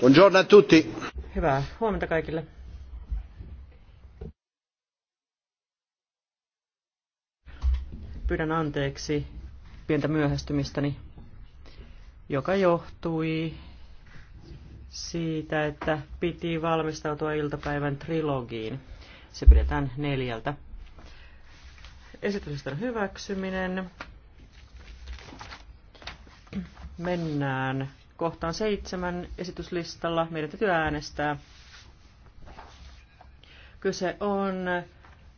Buongiorno a tutti. Hyvää huomenta kaikille. Pyydän anteeksi pientä myöhästymistäni, joka johtui siitä, että piti valmistautua iltapäivän trilogiin. Se pidetään neljältä. Esitysten hyväksyminen. Mennään kohtaan seitsemän esityslistalla. Meidän täytyy äänestää. Kyse on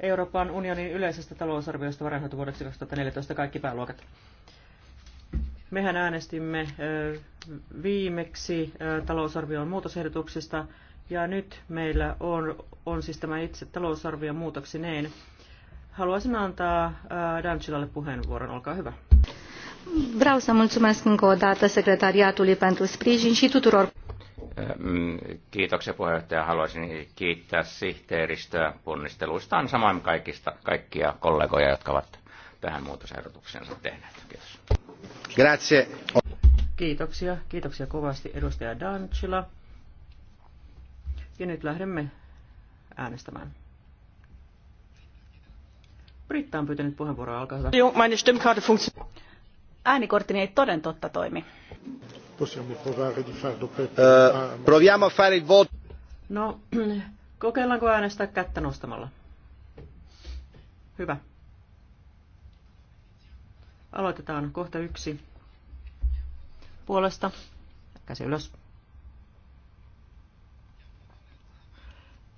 Euroopan unionin yleisestä talousarviosta vuodeksi 2014 kaikki pääluokat. Mehän äänestimme viimeksi talousarvion muutosehdotuksista ja nyt meillä on, on siis tämä itse talousarvion muutoksineen. Haluaisin antaa Dancilalle puheenvuoron. Olkaa hyvä. Vreau să mulțumesc încă o dată secretariatului pentru sprijin și tuturor. Ehm, kiitoksia puheenjohtaja. Haluaisin kiittää sihteeristöä ponnisteluistaan, samoin kaikista, kaikkia kollegoja, jotka ovat tähän muutosehdotuksensa tehneet. Kiitos. Grazie. Kiitoksia. Kiitoksia kovasti edustaja Dancila. Ja nyt lähdemme äänestämään. Britta on pyytänyt puheenvuoroa, alkaa Joo, meine Stimmkarte funktioniert äänikorttini ei toden totta toimi. Eh, proviamo a fare il voto. No, kokeillaanko äänestää kättä nostamalla? Hyvä. Aloitetaan kohta yksi. Puolesta. Käsi ylös.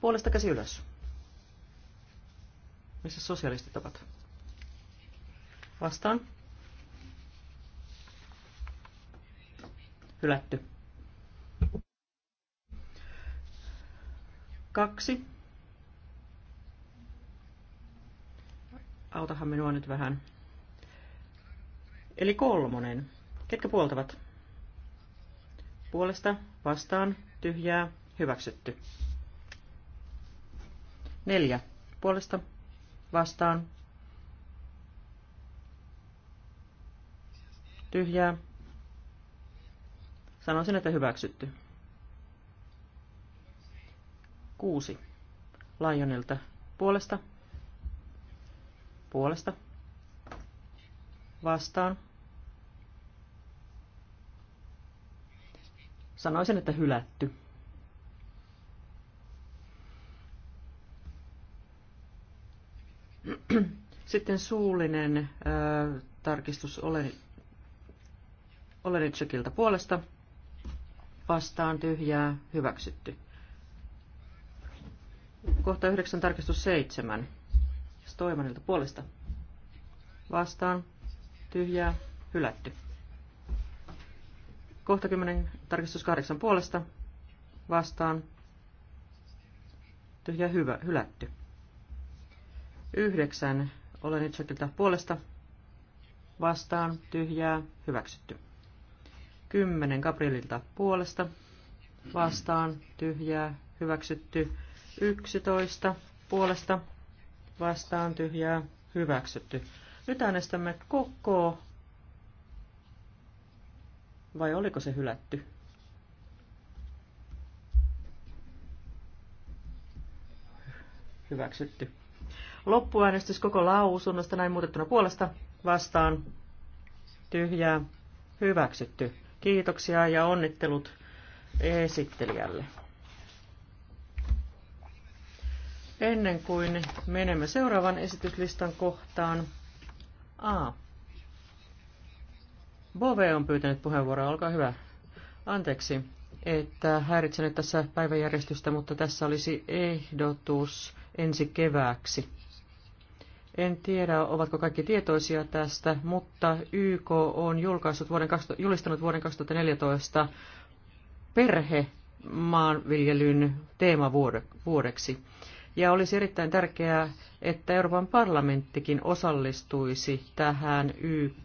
Puolesta käsi ylös. Missä sosialistit ovat? Vastaan. hylätty. Kaksi. Autahan minua nyt vähän. Eli kolmonen. Ketkä puoltavat? Puolesta, vastaan, tyhjää, hyväksytty. Neljä. Puolesta, vastaan, tyhjää, Sanoisin, että hyväksytty. Kuusi. Lionelta puolesta. Puolesta. Vastaan. Sanoisin, että hylätty. Sitten suullinen äh, tarkistus Olenitsekilta puolesta vastaan tyhjää hyväksytty. Kohta 9 tarkistus 7. Stoimanilta puolesta. Vastaan tyhjää hylätty. Kohta 10 tarkistus 8 puolesta. Vastaan tyhjää hyvä, hylätty. 9. Olen itsekiltä puolesta. Vastaan tyhjää hyväksytty. 10 Gabrielilta puolesta vastaan tyhjää hyväksytty 11 puolesta vastaan tyhjää hyväksytty. Nyt äänestämme koko, vai oliko se hylätty? Hyväksytty. Loppuäänestys koko lausunnosta näin muutettuna puolesta vastaan tyhjää hyväksytty. Kiitoksia ja onnittelut esittelijälle. Ennen kuin menemme seuraavan esityslistan kohtaan. A. Bove on pyytänyt puheenvuoroa, olkaa hyvä. Anteeksi, että häiritsen tässä päiväjärjestystä, mutta tässä olisi ehdotus ensi kevääksi. En tiedä, ovatko kaikki tietoisia tästä, mutta YK on julkaissut vuoden, julistanut vuoden 2014 maanviljelyn teemavuodeksi. Ja olisi erittäin tärkeää, että Euroopan parlamenttikin osallistuisi tähän YK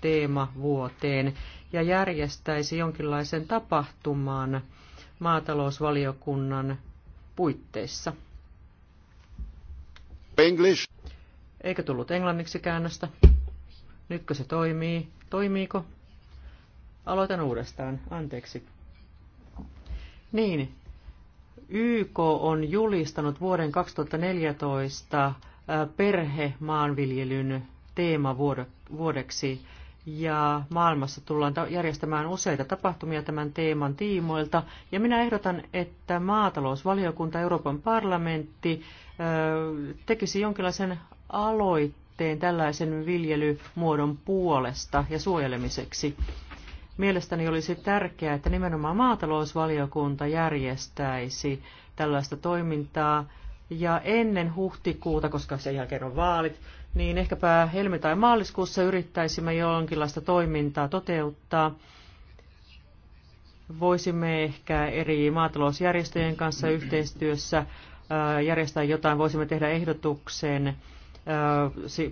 teemavuoteen ja järjestäisi jonkinlaisen tapahtuman maatalousvaliokunnan puitteissa. English. Eikä tullut englanniksi käännöstä. Nytkö se toimii? Toimiiko? Aloitan uudestaan. Anteeksi. Niin. YK on julistanut vuoden 2014 perhemaanviljelyn teemavuodeksi ja maailmassa tullaan järjestämään useita tapahtumia tämän teeman tiimoilta. Ja minä ehdotan, että maatalousvaliokunta Euroopan parlamentti tekisi jonkinlaisen aloitteen tällaisen viljelymuodon puolesta ja suojelemiseksi. Mielestäni olisi tärkeää, että nimenomaan maatalousvaliokunta järjestäisi tällaista toimintaa ja ennen huhtikuuta, koska sen jälkeen on vaalit, niin ehkäpä helmi- tai maaliskuussa yrittäisimme jonkinlaista toimintaa toteuttaa. Voisimme ehkä eri maatalousjärjestöjen kanssa yhteistyössä järjestää jotain, voisimme tehdä ehdotuksen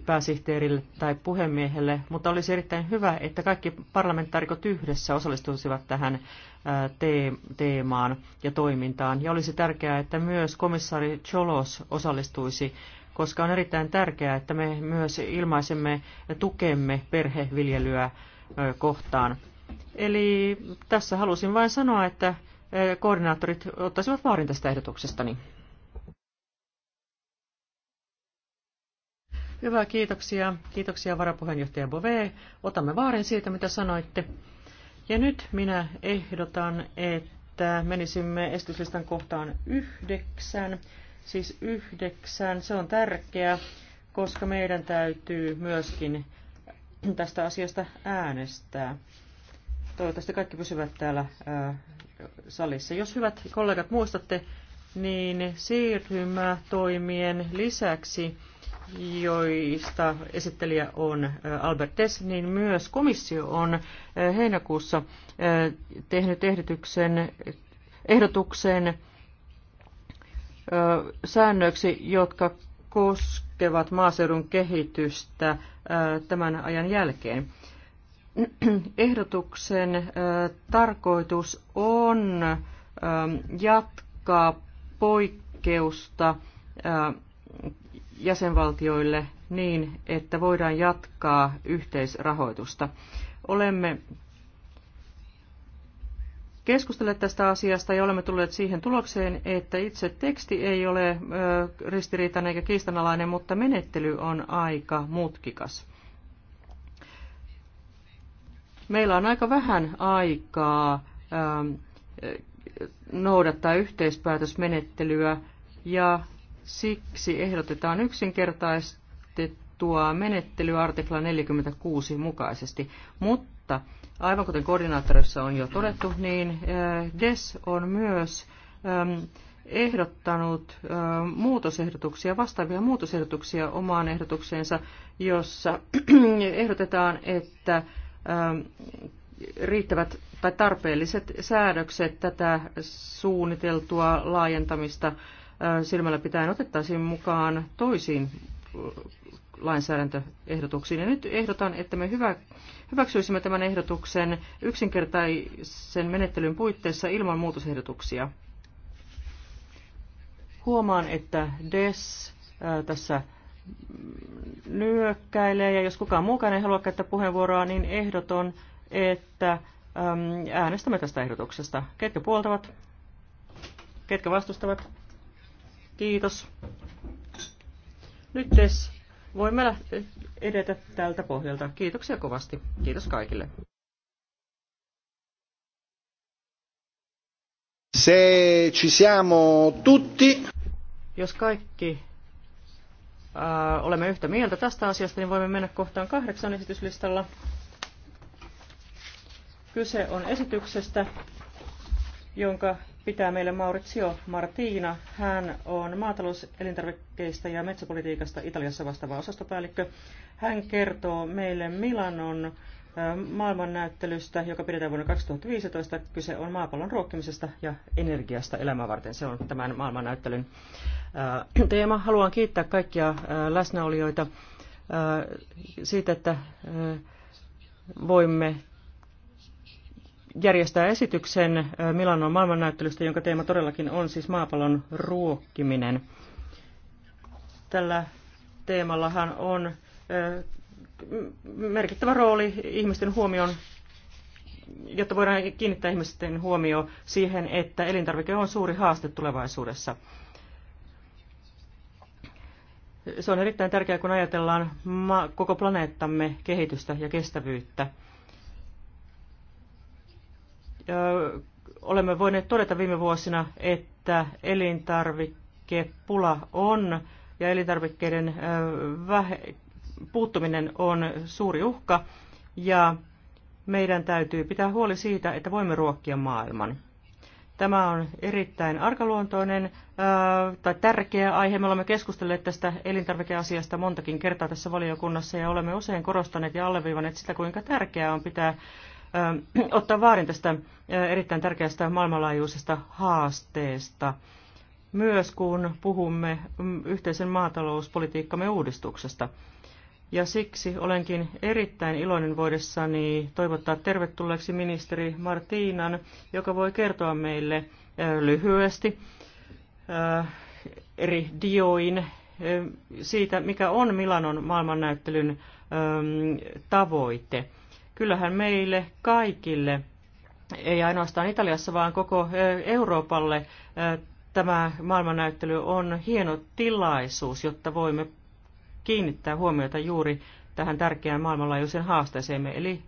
pääsihteerille tai puhemiehelle, mutta olisi erittäin hyvä, että kaikki parlamentaarikot yhdessä osallistuisivat tähän teemaan ja toimintaan. Ja olisi tärkeää, että myös komissaari Cholos osallistuisi, koska on erittäin tärkeää, että me myös ilmaisemme tukemme perheviljelyä kohtaan. Eli tässä halusin vain sanoa, että koordinaattorit ottaisivat vaarin tästä ehdotuksesta. Hyvä, kiitoksia. Kiitoksia varapuheenjohtaja Bove. Otamme vaarin siitä, mitä sanoitte. Ja nyt minä ehdotan, että menisimme estyslistan kohtaan yhdeksän. Siis yhdeksän, se on tärkeä, koska meidän täytyy myöskin tästä asiasta äänestää. Toivottavasti kaikki pysyvät täällä ää, äh, salissa. Jos hyvät kollegat muistatte, niin siirtymätoimien lisäksi joista esittelijä on äh, Albert Dess, niin myös komissio on äh, heinäkuussa äh, tehnyt ehdotuksen, ehdotuksen säännöksi, jotka koskevat maaseudun kehitystä tämän ajan jälkeen. Ehdotuksen tarkoitus on ähm, jatkaa poikkeusta jäsenvaltioille niin, että voidaan jatkaa yhteisrahoitusta. Olemme keskustelleet tästä asiasta ja olemme tulleet siihen tulokseen, että itse teksti ei ole ristiriitainen eikä kiistanalainen, mutta menettely on aika mutkikas. Meillä on aika vähän aikaa noudattaa yhteispäätösmenettelyä ja Siksi ehdotetaan yksinkertaistettua menettelyä artikla 46 mukaisesti, mutta aivan kuten koordinaattorissa on jo todettu, niin äh, DES on myös ähm, ehdottanut ähm, muutosehdotuksia, vastaavia muutosehdotuksia omaan ehdotukseensa, jossa ehdotetaan, että ähm, riittävät tai tarpeelliset säädökset tätä suunniteltua laajentamista silmällä pitäen otettaisiin mukaan toisiin lainsäädäntöehdotuksiin. Ja nyt ehdotan, että me hyvä, hyväksyisimme tämän ehdotuksen yksinkertaisen menettelyn puitteissa ilman muutosehdotuksia. Huomaan, että DES ää, tässä nyökkäilee, ja jos kukaan muukaan ei halua käyttää puheenvuoroa, niin ehdoton, että äm, äänestämme tästä ehdotuksesta. Ketkä puoltavat? Ketkä vastustavat? Kiitos. Nyt Des, siis voimme lähteä edetä tältä pohjalta. Kiitoksia kovasti. Kiitos kaikille. Se ci siamo tutti. Jos kaikki äh, olemme yhtä mieltä tästä asiasta, niin voimme mennä kohtaan kahdeksan esityslistalla. Kyse on esityksestä, jonka pitää meille Maurizio Martina. Hän on maatalouselintarvikkeista ja metsäpolitiikasta Italiassa vastaava osastopäällikkö. Hän kertoo meille Milanon maailmannäyttelystä, joka pidetään vuonna 2015. Kyse on maapallon ruokkimisesta ja energiasta elämää varten. Se on tämän maailmannäyttelyn teema. Haluan kiittää kaikkia läsnäolijoita siitä, että voimme järjestää esityksen äh, Milanon maailmannäyttelystä, jonka teema todellakin on siis maapallon ruokkiminen. Tällä teemallahan on äh, merkittävä rooli ihmisten huomion, jotta voidaan kiinnittää ihmisten huomio siihen, että elintarvike on suuri haaste tulevaisuudessa. Se on erittäin tärkeää, kun ajatellaan koko planeettamme kehitystä ja kestävyyttä – olemme voineet todeta viime vuosina, että elintarvikepula on ja elintarvikkeiden vähe- puuttuminen on suuri uhka ja meidän täytyy pitää huoli siitä, että voimme ruokkia maailman. Tämä on erittäin arkaluontoinen tai tärkeä aihe. Me olemme keskustelleet tästä elintarvikeasiasta montakin kertaa tässä valiokunnassa ja olemme usein korostaneet ja alleviivanneet sitä, kuinka tärkeää on pitää ottaa vaarin tästä erittäin tärkeästä maailmanlaajuisesta haasteesta. Myös kun puhumme mm, yhteisen maatalouspolitiikkamme uudistuksesta. Ja siksi olenkin erittäin iloinen voidessani toivottaa tervetulleeksi ministeri Martiinan, joka voi kertoa meille lyhyesti eri dioin siitä, mikä on Milanon maailmannäyttelyn tavoite – kyllähän meille kaikille, ei ainoastaan Italiassa, vaan koko Euroopalle tämä maailmannäyttely on hieno tilaisuus, jotta voimme kiinnittää huomiota juuri tähän tärkeään maailmanlaajuiseen haasteeseemme, eli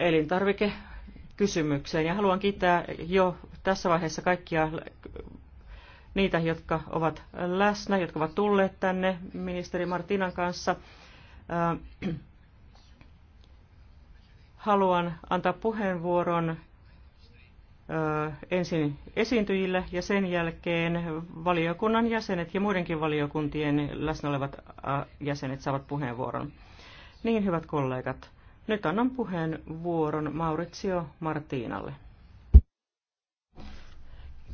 elintarvikekysymykseen. Ja haluan kiittää jo tässä vaiheessa kaikkia niitä, jotka ovat läsnä, jotka ovat tulleet tänne ministeri Martinan kanssa. Haluan antaa puheenvuoron ensin esiintyjille ja sen jälkeen valiokunnan jäsenet ja muidenkin valiokuntien läsnä olevat jäsenet saavat puheenvuoron. Niin, hyvät kollegat, nyt annan puheenvuoron Maurizio Martinalle.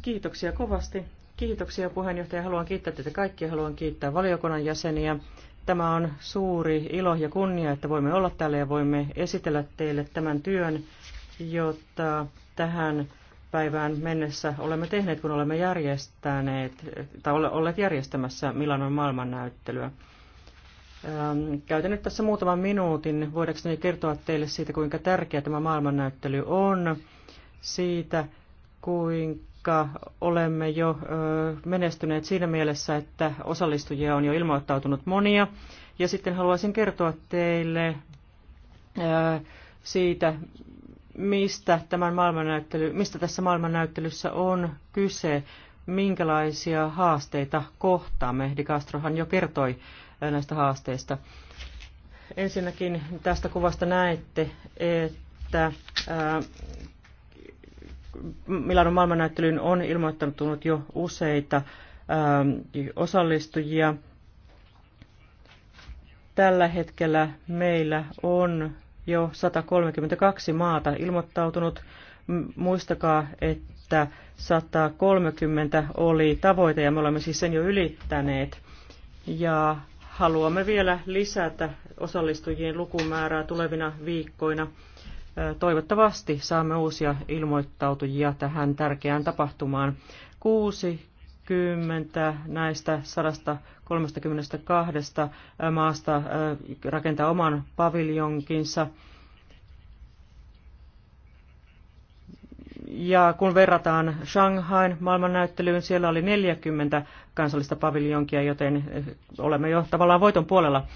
Kiitoksia kovasti. Kiitoksia puheenjohtaja. Haluan kiittää teitä kaikkia. Haluan kiittää valiokunnan jäseniä Tämä on suuri ilo ja kunnia, että voimme olla täällä ja voimme esitellä teille tämän työn, jota tähän päivään mennessä olemme tehneet, kun olemme järjestäneet tai olleet järjestämässä Milanon maailmannäyttelyä. Ähm, käytän nyt tässä muutaman minuutin voidakseni kertoa teille siitä, kuinka tärkeä tämä maailmannäyttely on, siitä, kuinka vaikka olemme jo menestyneet siinä mielessä, että osallistujia on jo ilmoittautunut monia. Ja sitten haluaisin kertoa teille siitä, mistä, tämän maailmannäyttely, mistä tässä maailmannäyttelyssä on kyse, minkälaisia haasteita kohtaamme. Di Castrohan jo kertoi näistä haasteista. Ensinnäkin tästä kuvasta näette, että Milanon maailmannäyttelyyn on ilmoittanut jo useita ähm, osallistujia. Tällä hetkellä meillä on jo 132 maata ilmoittautunut. Muistakaa, että 130 oli tavoite ja me olemme siis sen jo ylittäneet. Ja haluamme vielä lisätä osallistujien lukumäärää tulevina viikkoina. Toivottavasti saamme uusia ilmoittautujia tähän tärkeään tapahtumaan. 60 näistä 132 maasta rakentaa oman paviljonkinsa. Ja kun verrataan Shanghain maailmannäyttelyyn, siellä oli 40 kansallista paviljonkia, joten olemme jo tavallaan voiton puolella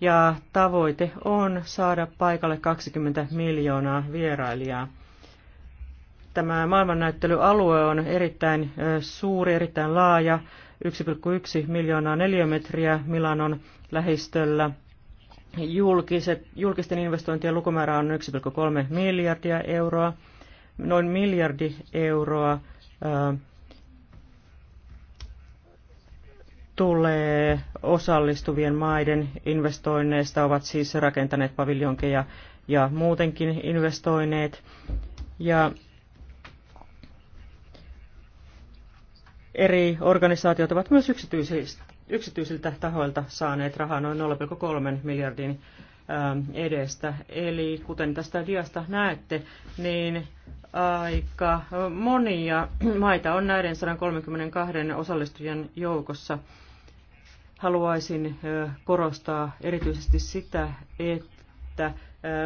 ja tavoite on saada paikalle 20 miljoonaa vierailijaa. Tämä maailmannäyttelyalue on erittäin suuri, erittäin laaja, 1,1 miljoonaa neliömetriä Milanon lähistöllä. Julkiset, julkisten investointien lukumäärä on 1,3 miljardia euroa, noin miljardi euroa tulee osallistuvien maiden investoinneista, ovat siis rakentaneet paviljonkeja ja muutenkin investoineet. Ja eri organisaatiot ovat myös yksityisiltä tahoilta saaneet rahaa noin 0,3 miljardin ähm, edestä. Eli kuten tästä diasta näette, niin aika monia maita on näiden 132 osallistujien joukossa – haluaisin korostaa erityisesti sitä, että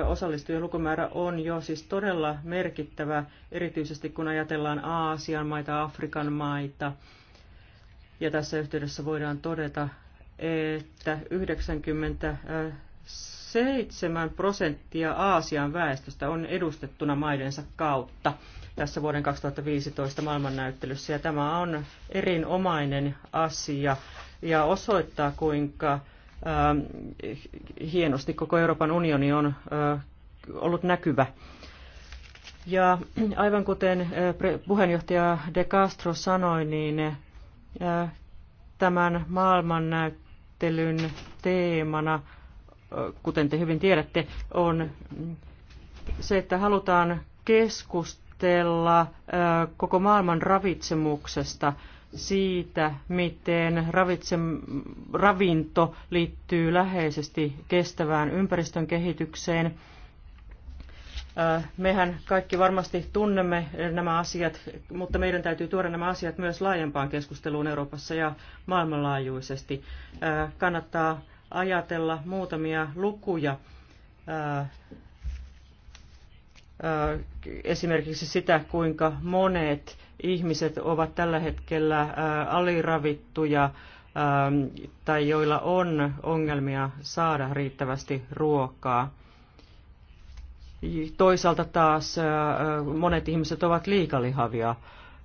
osallistujien lukumäärä on jo siis todella merkittävä, erityisesti kun ajatellaan Aasian maita, Afrikan maita. Ja tässä yhteydessä voidaan todeta, että 97 prosenttia Aasian väestöstä on edustettuna maidensa kautta tässä vuoden 2015 maailmannäyttelyssä, ja tämä on erinomainen asia ja osoittaa, kuinka hienosti koko Euroopan unioni on ollut näkyvä. Ja aivan kuten puheenjohtaja De Castro sanoi, niin tämän maailmannäyttelyn teemana, kuten te hyvin tiedätte, on se, että halutaan keskustella koko maailman ravitsemuksesta – siitä, miten ravitsem, ravinto liittyy läheisesti kestävään ympäristön kehitykseen. Mehän kaikki varmasti tunnemme nämä asiat, mutta meidän täytyy tuoda nämä asiat myös laajempaan keskusteluun Euroopassa ja maailmanlaajuisesti. Kannattaa ajatella muutamia lukuja esimerkiksi sitä, kuinka monet ihmiset ovat tällä hetkellä äh, aliravittuja ähm, tai joilla on ongelmia saada riittävästi ruokaa. Toisaalta taas äh, monet ihmiset ovat liikalihavia,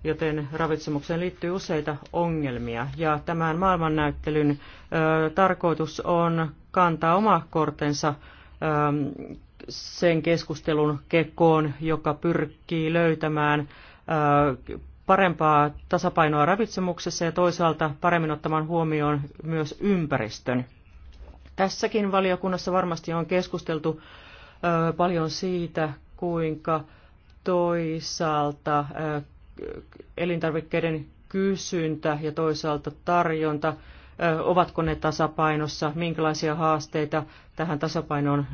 joten ravitsemukseen liittyy useita ongelmia. Ja tämän maailmannäyttelyn äh, tarkoitus on kantaa oma kortensa ähm, sen keskustelun kekoon, joka pyrkii löytämään parempaa tasapainoa ravitsemuksessa ja toisaalta paremmin ottamaan huomioon myös ympäristön. Tässäkin valiokunnassa varmasti on keskusteltu paljon siitä, kuinka toisaalta elintarvikkeiden kysyntä ja toisaalta tarjonta, ovatko ne tasapainossa, minkälaisia haasteita tähän tasapainoon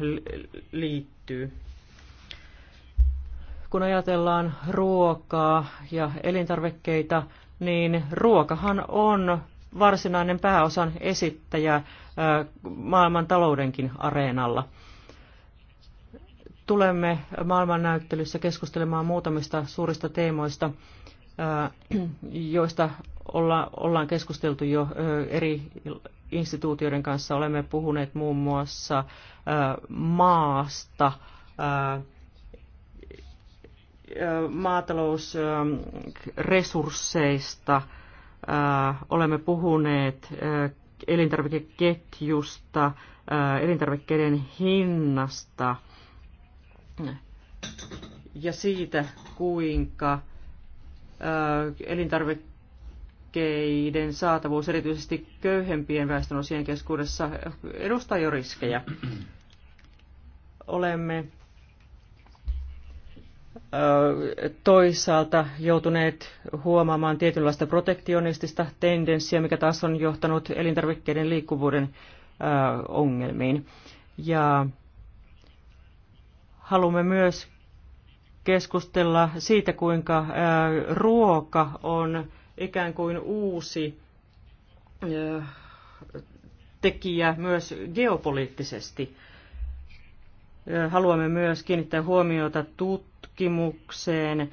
liittyy kun ajatellaan ruokaa ja elintarvikkeita, niin ruokahan on varsinainen pääosan esittäjä maailman taloudenkin areenalla. Tulemme maailmannäyttelyssä keskustelemaan muutamista suurista teemoista, joista olla, ollaan keskusteltu jo eri instituutioiden kanssa. Olemme puhuneet muun muassa maasta, maatalousresursseista, äh, olemme puhuneet äh, elintarvikeketjusta, äh, elintarvikkeiden hinnasta ja siitä, kuinka elintarvikkeiden saatavuus erityisesti köyhempien väestönosien keskuudessa edustaa jo riskejä. Olemme toisaalta joutuneet huomaamaan tietynlaista protektionistista tendenssiä, mikä taas on johtanut elintarvikkeiden liikkuvuuden ongelmiin. Ja haluamme myös keskustella siitä, kuinka ruoka on ikään kuin uusi tekijä myös geopoliittisesti. Haluamme myös kiinnittää huomiota tut tutkimukseen,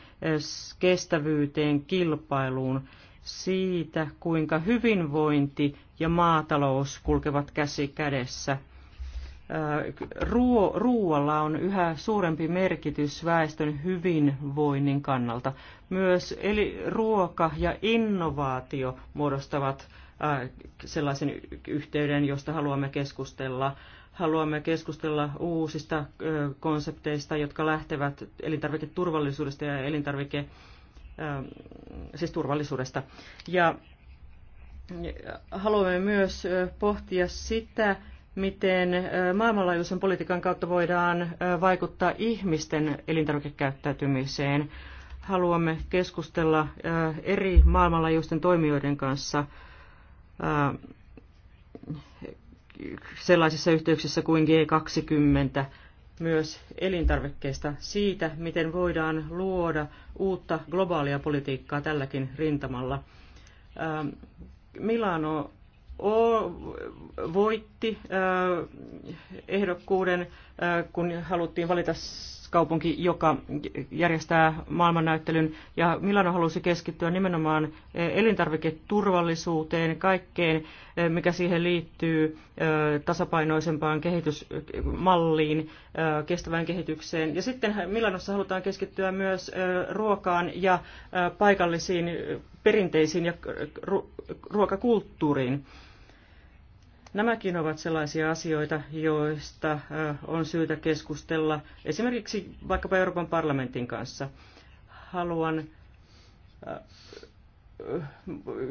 kestävyyteen, kilpailuun, siitä kuinka hyvinvointi ja maatalous kulkevat käsi kädessä. Ruo- ruoalla on yhä suurempi merkitys väestön hyvinvoinnin kannalta. Myös eli ruoka ja innovaatio muodostavat sellaisen yhteyden, josta haluamme keskustella haluamme keskustella uusista konsepteista, jotka lähtevät elintarviketurvallisuudesta ja elintarvike, siis turvallisuudesta. Ja haluamme myös pohtia sitä, miten maailmanlaajuisen politiikan kautta voidaan vaikuttaa ihmisten elintarvikekäyttäytymiseen. Haluamme keskustella eri maailmanlaajuisten toimijoiden kanssa sellaisissa yhteyksissä kuin G20 myös elintarvikkeista siitä, miten voidaan luoda uutta globaalia politiikkaa tälläkin rintamalla. Ähm, Milano O voitti äh, ehdokkuuden, äh, kun haluttiin valita kaupunki, joka järjestää maailmannäyttelyn. Ja Milano halusi keskittyä nimenomaan e, elintarviketurvallisuuteen, kaikkeen, e, mikä siihen liittyy e, tasapainoisempaan kehitysmalliin, kestävään kehitykseen. Ja sitten Milanossa halutaan keskittyä myös ruokaan ja paikallisiin perinteisiin ja ruokakulttuuriin. Nämäkin ovat sellaisia asioita, joista on syytä keskustella esimerkiksi vaikkapa Euroopan parlamentin kanssa. Haluan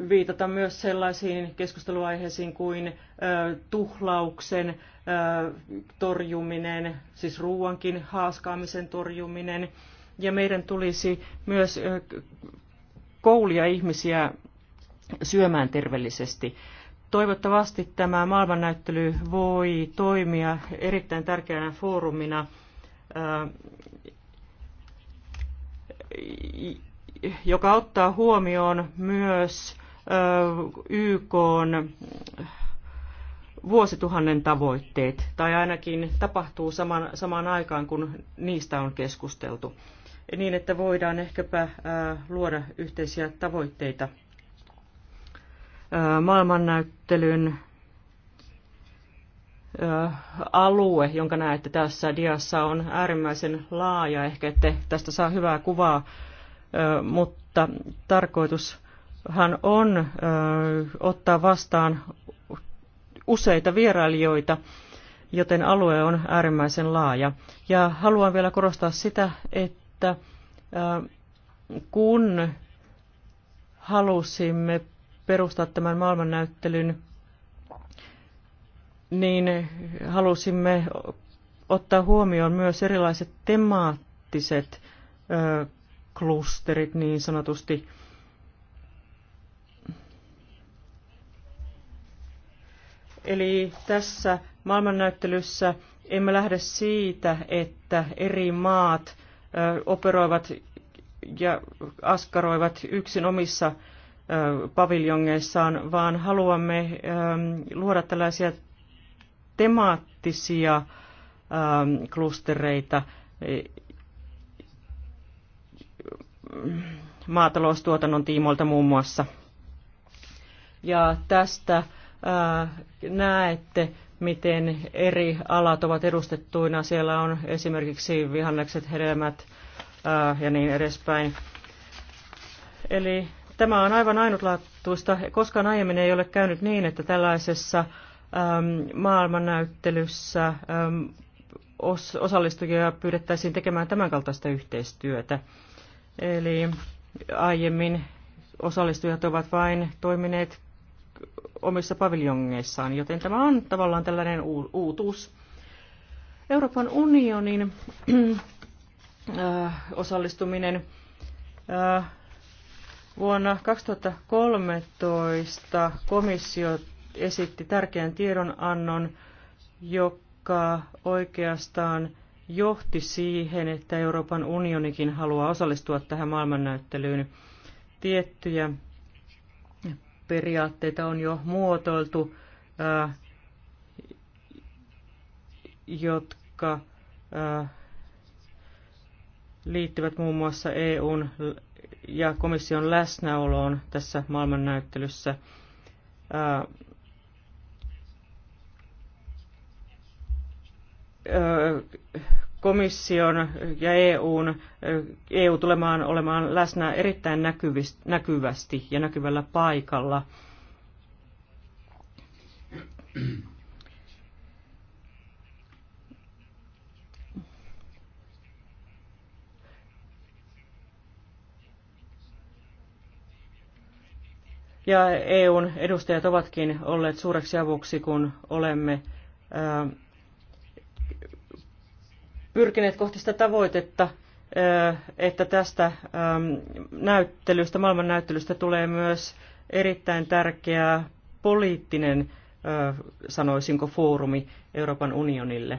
viitata myös sellaisiin keskusteluaiheisiin kuin tuhlauksen torjuminen, siis ruuankin haaskaamisen torjuminen. Ja meidän tulisi myös koulia ihmisiä syömään terveellisesti. Toivottavasti tämä maailmannäyttely voi toimia erittäin tärkeänä foorumina äh, joka ottaa huomioon myös äh, YK äh, vuosituhannen tavoitteet, tai ainakin tapahtuu saman, samaan aikaan, kun niistä on keskusteltu, niin että voidaan ehkäpä luoda yhteisiä tavoitteita maailmannäyttelyn alue, jonka näette tässä diassa, on äärimmäisen laaja. Ehkä ette tästä saa hyvää kuvaa, mutta tarkoitushan on ottaa vastaan useita vierailijoita, joten alue on äärimmäisen laaja. Ja haluan vielä korostaa sitä, että kun halusimme perustaa tämän maailmannäyttelyn, niin halusimme ottaa huomioon myös erilaiset temaattiset ö, klusterit niin sanotusti. Eli tässä maailmannäyttelyssä emme lähde siitä, että eri maat ö, operoivat ja askaroivat yksin omissa paviljongeissaan, vaan haluamme luoda tällaisia temaattisia klustereita, e, maataloustuotannon tiimoilta muun muassa. Ja tästä näette, miten eri alat ovat edustettuina. Siellä on esimerkiksi vihannekset, hedelmät ja niin edespäin. Eli Tämä on aivan ainutlaatuista. Koskaan aiemmin ei ole käynyt niin, että tällaisessa äm, maailmannäyttelyssä äm, os, osallistujia pyydettäisiin tekemään tämänkaltaista yhteistyötä. Eli aiemmin osallistujat ovat vain toimineet omissa paviljongeissaan, joten tämä on tavallaan tällainen u- uutuus. Euroopan unionin äh, osallistuminen äh, Vuonna 2013 komissio esitti tärkeän tiedonannon, joka oikeastaan johti siihen, että Euroopan unionikin haluaa osallistua tähän maailmannäyttelyyn. Tiettyjä periaatteita on jo muotoiltu, äh, jotka äh, liittyvät muun muassa EUn ja komission läsnäoloon tässä maailmannäyttelyssä. komission ja EUn, EU tulemaan olemaan läsnä erittäin näkyvästi ja näkyvällä paikalla. Ja EUn edustajat ovatkin olleet suureksi avuksi, kun olemme ää, äh, pyrkineet kohti sitä tavoitetta, äh, että tästä ähm, näyttelystä, maailman näyttelystä tulee myös erittäin tärkeä poliittinen, äh, sanoisinko, foorumi Euroopan unionille.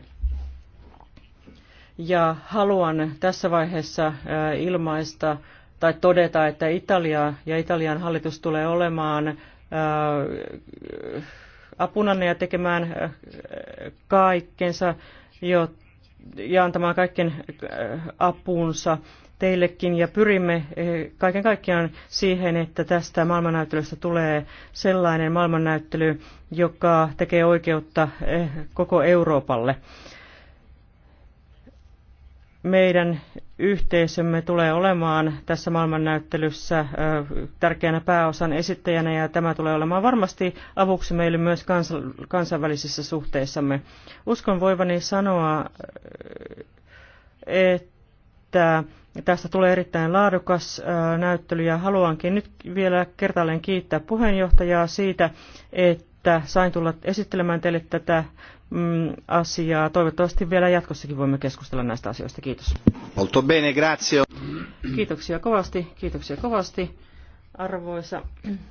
Ja haluan tässä vaiheessa ilmaista tai todeta, että Italia ja Italian hallitus tulee olemaan apunanne ja tekemään kaikkensa jo, ja antamaan kaiken apunsa teillekin ja pyrimme kaiken kaikkiaan siihen, että tästä maailmannäyttelystä tulee sellainen maailmannäyttely, joka tekee oikeutta koko Euroopalle meidän yhteisömme tulee olemaan tässä maailmannäyttelyssä tärkeänä pääosan esittäjänä ja tämä tulee olemaan varmasti avuksi meille myös kansainvälisissä suhteissamme. Uskon voivani sanoa, että tästä tulee erittäin laadukas näyttely ja haluankin nyt vielä kertaalleen kiittää puheenjohtajaa siitä, että sain tulla esittelemään teille tätä mm, asiaa. Toivottavasti vielä jatkossakin voimme keskustella näistä asioista. Kiitos. Molto bene, grazie. Kiitoksia kovasti, kiitoksia kovasti. Arvoisa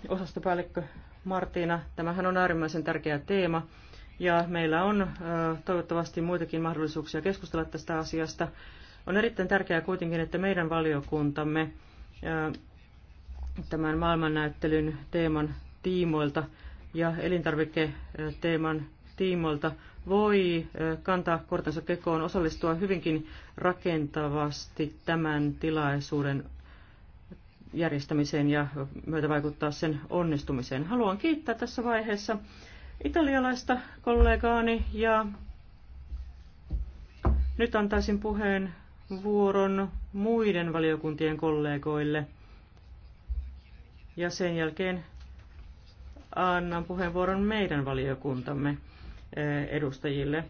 osastopäällikkö Martina, tämähän on äärimmäisen tärkeä teema. Ja meillä on toivottavasti muitakin mahdollisuuksia keskustella tästä asiasta. On erittäin tärkeää kuitenkin, että meidän valiokuntamme tämän maailmannäyttelyn teeman tiimoilta ja elintarviketeeman tiimoilta voi kantaa kortensa kekoon, osallistua hyvinkin rakentavasti tämän tilaisuuden järjestämiseen ja myötä vaikuttaa sen onnistumiseen. Haluan kiittää tässä vaiheessa italialaista kollegaani ja nyt antaisin puheen vuoron muiden valiokuntien kollegoille. Ja sen jälkeen annan puheenvuoron meidän valiokuntamme Eh, edustajille.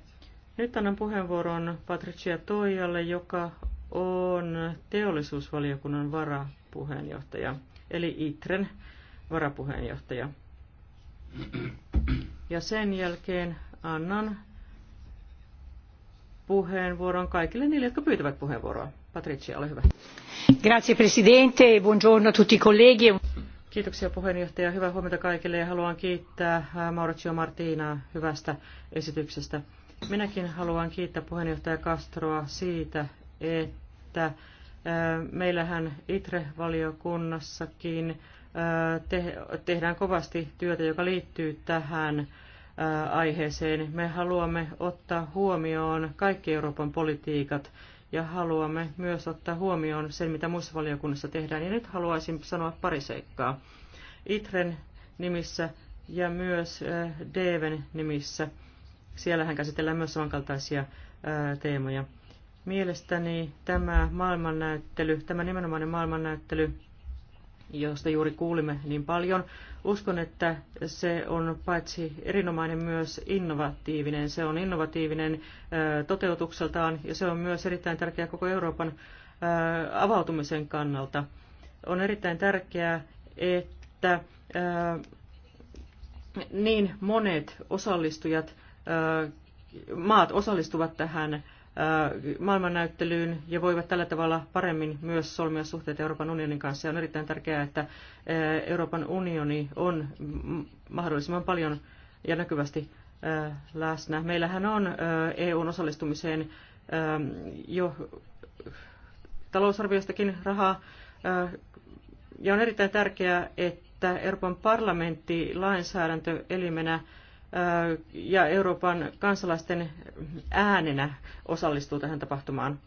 Nyt annan puheenvuoron Patricia Toijalle, joka on teollisuusvaliokunnan varapuheenjohtaja, eli ITREN varapuheenjohtaja. Ja sen jälkeen annan puheenvuoron kaikille niille, jotka pyytävät puheenvuoroa. Patricia, ole hyvä. Grazie Presidente, buongiorno a tutti i colleghi. E Kiitoksia puheenjohtaja. Hyvää huomenta kaikille ja haluan kiittää Mauricio Martinaa hyvästä esityksestä. Minäkin haluan kiittää puheenjohtaja Castroa siitä, että meillähän ITRE-valiokunnassakin tehdään kovasti työtä, joka liittyy tähän aiheeseen. Me haluamme ottaa huomioon kaikki Euroopan politiikat ja haluamme myös ottaa huomioon sen, mitä muissa valiokunnissa tehdään. Ja nyt haluaisin sanoa pari seikkaa. ITREN nimissä ja myös äh, DEVEN nimissä. Siellähän käsitellään myös samankaltaisia äh, teemoja. Mielestäni tämä maailmannäyttely, tämä nimenomainen maailmannäyttely josta juuri kuulimme niin paljon. Uskon, että se on paitsi erinomainen myös innovatiivinen. Se on innovatiivinen toteutukseltaan ja se on myös erittäin tärkeä koko Euroopan avautumisen kannalta. On erittäin tärkeää, että niin monet osallistujat, maat osallistuvat tähän maailmannäyttelyyn ja voivat tällä tavalla paremmin myös solmia suhteet Euroopan unionin kanssa. Ja on erittäin tärkeää, että Euroopan unioni on mahdollisimman paljon ja näkyvästi läsnä. Meillähän on EUn osallistumiseen jo talousarviostakin rahaa, ja on erittäin tärkeää, että Euroopan parlamentti lainsäädäntöelimenä ja Euroopan kansalaisten äänenä osallistuu tähän tapahtumaan.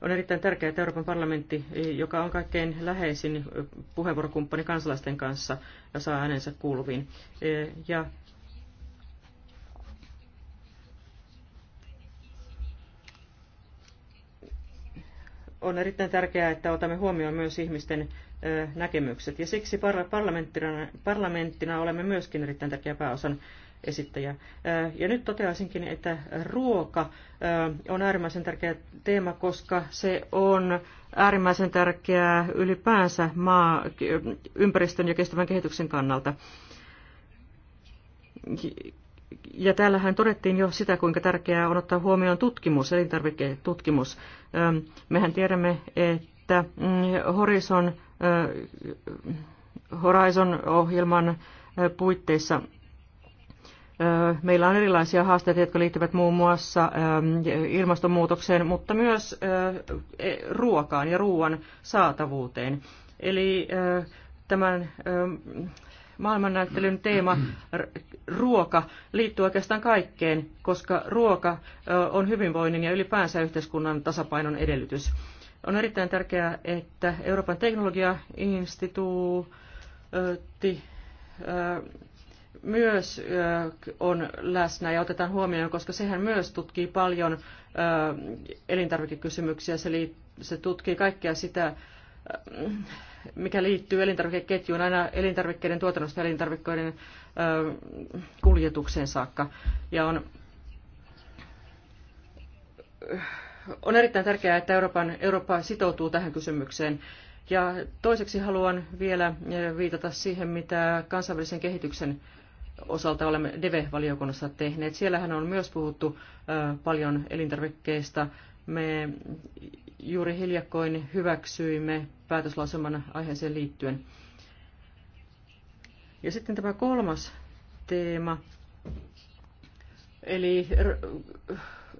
On erittäin tärkeää, että Euroopan parlamentti, joka on kaikkein läheisin puheenvuorokumppani kansalaisten kanssa, ja saa äänensä kuuluviin. Ja on erittäin tärkeää, että otamme huomioon myös ihmisten näkemykset. Ja siksi parlamenttina, parlamenttina olemme myöskin erittäin tärkeä pääosan esittäjä. Ja nyt toteaisinkin, että ruoka on äärimmäisen tärkeä teema, koska se on äärimmäisen tärkeää ylipäänsä maa, ympäristön ja kestävän kehityksen kannalta. Ja täällähän todettiin jo sitä, kuinka tärkeää on ottaa huomioon tutkimus, elintarviketutkimus. Mehän tiedämme, että mm, Horizon Horizon-ohjelman puitteissa Meillä on erilaisia haasteita, jotka liittyvät muun muassa ilmastonmuutokseen, mutta myös e, ruokaan ja ruoan saatavuuteen. Eli tämän maailmannäyttelyn teema ruoka liittyy oikeastaan kaikkeen, koska ruoka on hyvinvoinnin ja ylipäänsä yhteiskunnan tasapainon edellytys. On erittäin tärkeää, että Euroopan teknologiainstituutti myös on läsnä ja otetaan huomioon, koska sehän myös tutkii paljon elintarvikekysymyksiä. Se, se tutkii kaikkea sitä, mikä liittyy elintarvikeketjuun aina elintarvikkeiden tuotannosta elintarvikkeiden kuljetukseen saakka. Ja on, on erittäin tärkeää, että Euroopan, Eurooppa sitoutuu tähän kysymykseen. Ja toiseksi haluan vielä viitata siihen, mitä kansainvälisen kehityksen osalta olemme DEVE-valiokunnassa tehneet. Siellähän on myös puhuttu paljon elintarvikkeista. Me juuri hiljakkoin hyväksyimme päätöslauseman aiheeseen liittyen. Ja sitten tämä kolmas teema, eli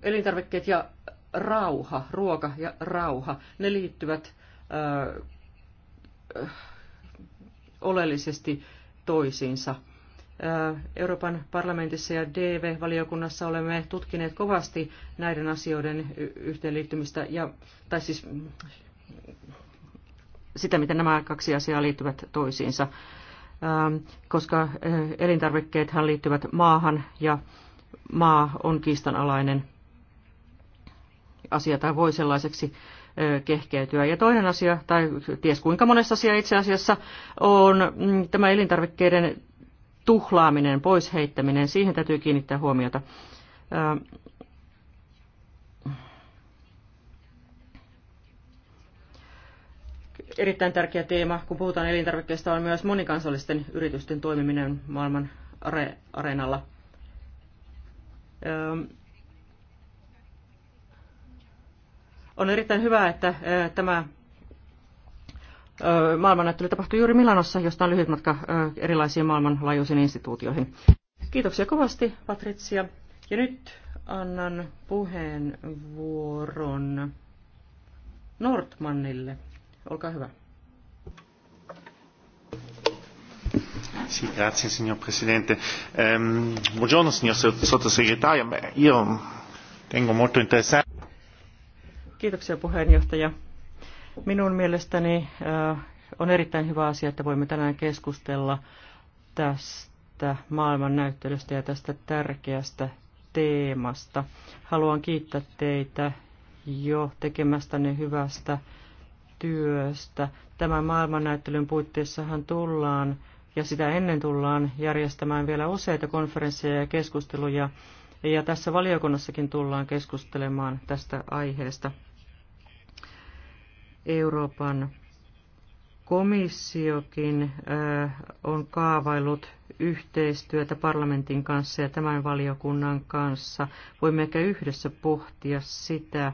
elintarvikkeet ja rauha, ruoka ja rauha, ne liittyvät ö, ö, oleellisesti toisiinsa. Euroopan parlamentissa ja DV-valiokunnassa olemme tutkineet kovasti näiden asioiden yhteenliittymistä, ja, tai siis mm, sitä, miten nämä kaksi asiaa liittyvät toisiinsa, koska elintarvikkeethan liittyvät maahan ja maa on kiistanalainen asia tai voi sellaiseksi kehkeytyä. Ja toinen asia, tai ties kuinka monessa asia itse asiassa, on mm, tämä elintarvikkeiden tuhlaaminen, pois heittäminen, siihen täytyy kiinnittää huomiota. Erittäin tärkeä teema, kun puhutaan elintarvikkeista, on myös monikansallisten yritysten toimiminen maailman are- areenalla. On erittäin hyvä, että tämä maailmannäyttely tapahtui juuri Milanossa, josta on lyhyt matka erilaisiin maailmanlaajuisiin instituutioihin. Kiitoksia kovasti, Patricia. Ja nyt annan puheenvuoron Nordmannille. Olkaa hyvä. Sì, grazie signor Presidente. Um, buongiorno signor sottosegretario. Beh, io tengo molto interessante. Kiitoksia puheenjohtaja. Minun mielestäni äh, on erittäin hyvä asia, että voimme tänään keskustella tästä maailmannäyttelystä ja tästä tärkeästä teemasta. Haluan kiittää teitä jo tekemästäni hyvästä työstä. Tämän maailmannäyttelyn puitteissahan tullaan ja sitä ennen tullaan järjestämään vielä useita konferensseja ja keskusteluja. Ja tässä valiokunnassakin tullaan keskustelemaan tästä aiheesta. Euroopan komissiokin on kaavaillut yhteistyötä parlamentin kanssa ja tämän valiokunnan kanssa. Voimme ehkä yhdessä pohtia sitä,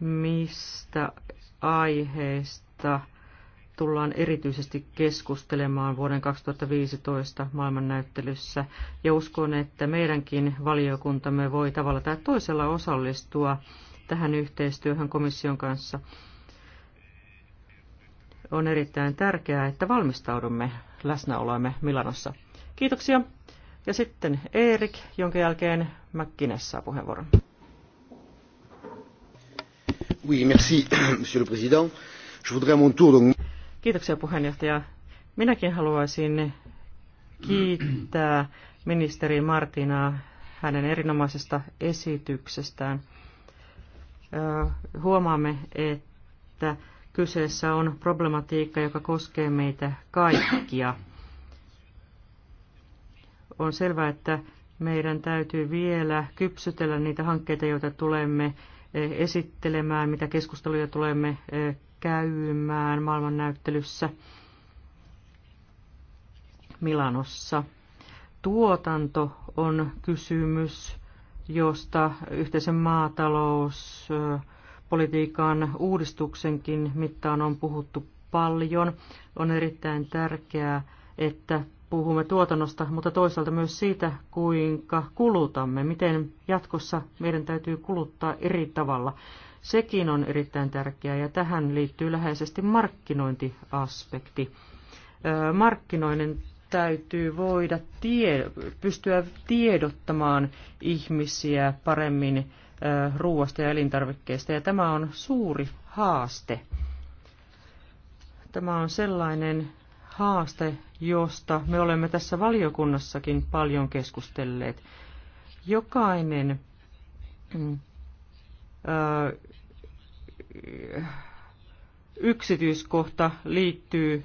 mistä aiheesta tullaan erityisesti keskustelemaan vuoden 2015 maailmannäyttelyssä. Ja uskon, että meidänkin valiokuntamme voi tavalla tai toisella osallistua tähän yhteistyöhön komission kanssa on erittäin tärkeää, että valmistaudumme läsnäoloimme Milanossa. Kiitoksia. Ja sitten Erik, jonka jälkeen Mäkkines saa puheenvuoron. Oui, merci, monsieur le président. Je voudrais mon tour donc... Kiitoksia puheenjohtaja. Minäkin haluaisin kiittää ministeri Martinaa hänen erinomaisesta esityksestään. Huomaamme, että Kyseessä on problematiikka, joka koskee meitä kaikkia. On selvää, että meidän täytyy vielä kypsytellä niitä hankkeita, joita tulemme eh, esittelemään, mitä keskusteluja tulemme eh, käymään maailmannäyttelyssä Milanossa. Tuotanto on kysymys, josta yhteisen maatalous eh, politiikan uudistuksenkin mittaan on puhuttu paljon. On erittäin tärkeää, että puhumme tuotannosta, mutta toisaalta myös siitä, kuinka kulutamme, miten jatkossa meidän täytyy kuluttaa eri tavalla. Sekin on erittäin tärkeää ja tähän liittyy läheisesti markkinointiaspekti. Markkinoinen täytyy voida tie, pystyä tiedottamaan ihmisiä paremmin ruoasta ja elintarvikkeista. Ja tämä on suuri haaste. Tämä on sellainen haaste, josta me olemme tässä valiokunnassakin paljon keskustelleet. Jokainen mm, yksityiskohta liittyy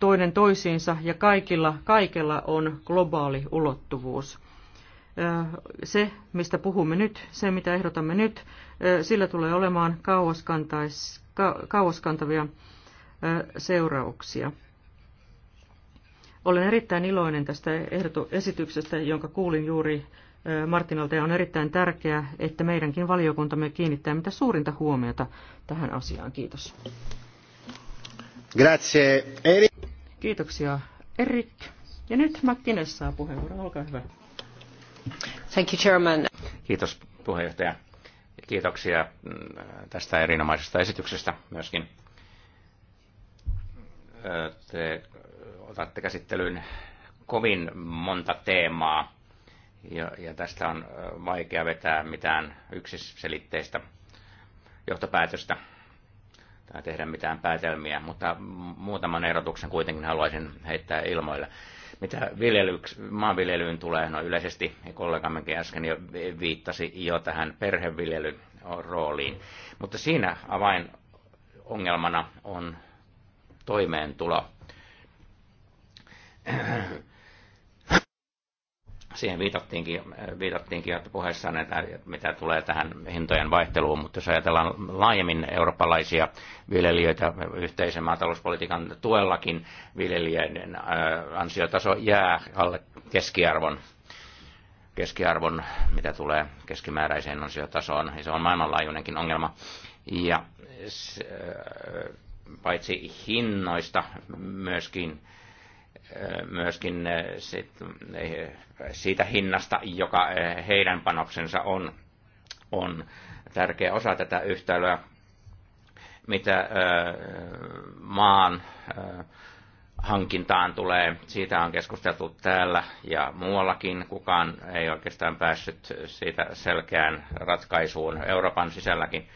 toinen toisiinsa ja kaikilla, kaikella on globaali ulottuvuus se, mistä puhumme nyt, se, mitä ehdotamme nyt, sillä tulee olemaan kauaskantavia seurauksia. Olen erittäin iloinen tästä esityksestä, jonka kuulin juuri Martinalta, ja on erittäin tärkeää, että meidänkin valiokuntamme kiinnittää mitä suurinta huomiota tähän asiaan. Kiitos. Grazie, Erik. Kiitoksia, Erik. Ja nyt Mäkkinen saa puheenvuoron. Olkaa hyvä. Thank you, Chairman. Kiitos puheenjohtaja. Kiitoksia mm, tästä erinomaisesta esityksestä myöskin. Te otatte käsittelyyn kovin monta teemaa ja, ja tästä on vaikea vetää mitään yksiselitteistä johtopäätöstä tai tehdä mitään päätelmiä, mutta muutaman ehdotuksen kuitenkin haluaisin heittää ilmoille. Mitä maanviljelyyn tulee, no yleisesti kollegammekin äsken jo viittasi jo tähän perheviljelyn rooliin. Mutta siinä avain ongelmana on toimeentulo siihen viitattiinkin, äh, viitattiinkin että puheessa, että mitä tulee tähän hintojen vaihteluun, mutta jos ajatellaan laajemmin eurooppalaisia viljelijöitä yhteisen maatalouspolitiikan tuellakin, viljelijöiden äh, ansiotaso jää alle keskiarvon, keskiarvon mitä tulee keskimääräiseen ansiotasoon, ja se on maailmanlaajuinenkin ongelma. Ja se, äh, paitsi hinnoista myöskin myöskin eh, eh, siitä hinnasta, joka eh, heidän panoksensa on, on tärkeä osa tätä yhtälöä, mitä maan hankintaan tulee. Siitä on keskusteltu täällä ja muuallakin. Kukaan ei oikeastaan päässyt siitä selkeään ratkaisuun Euroopan sisälläkin.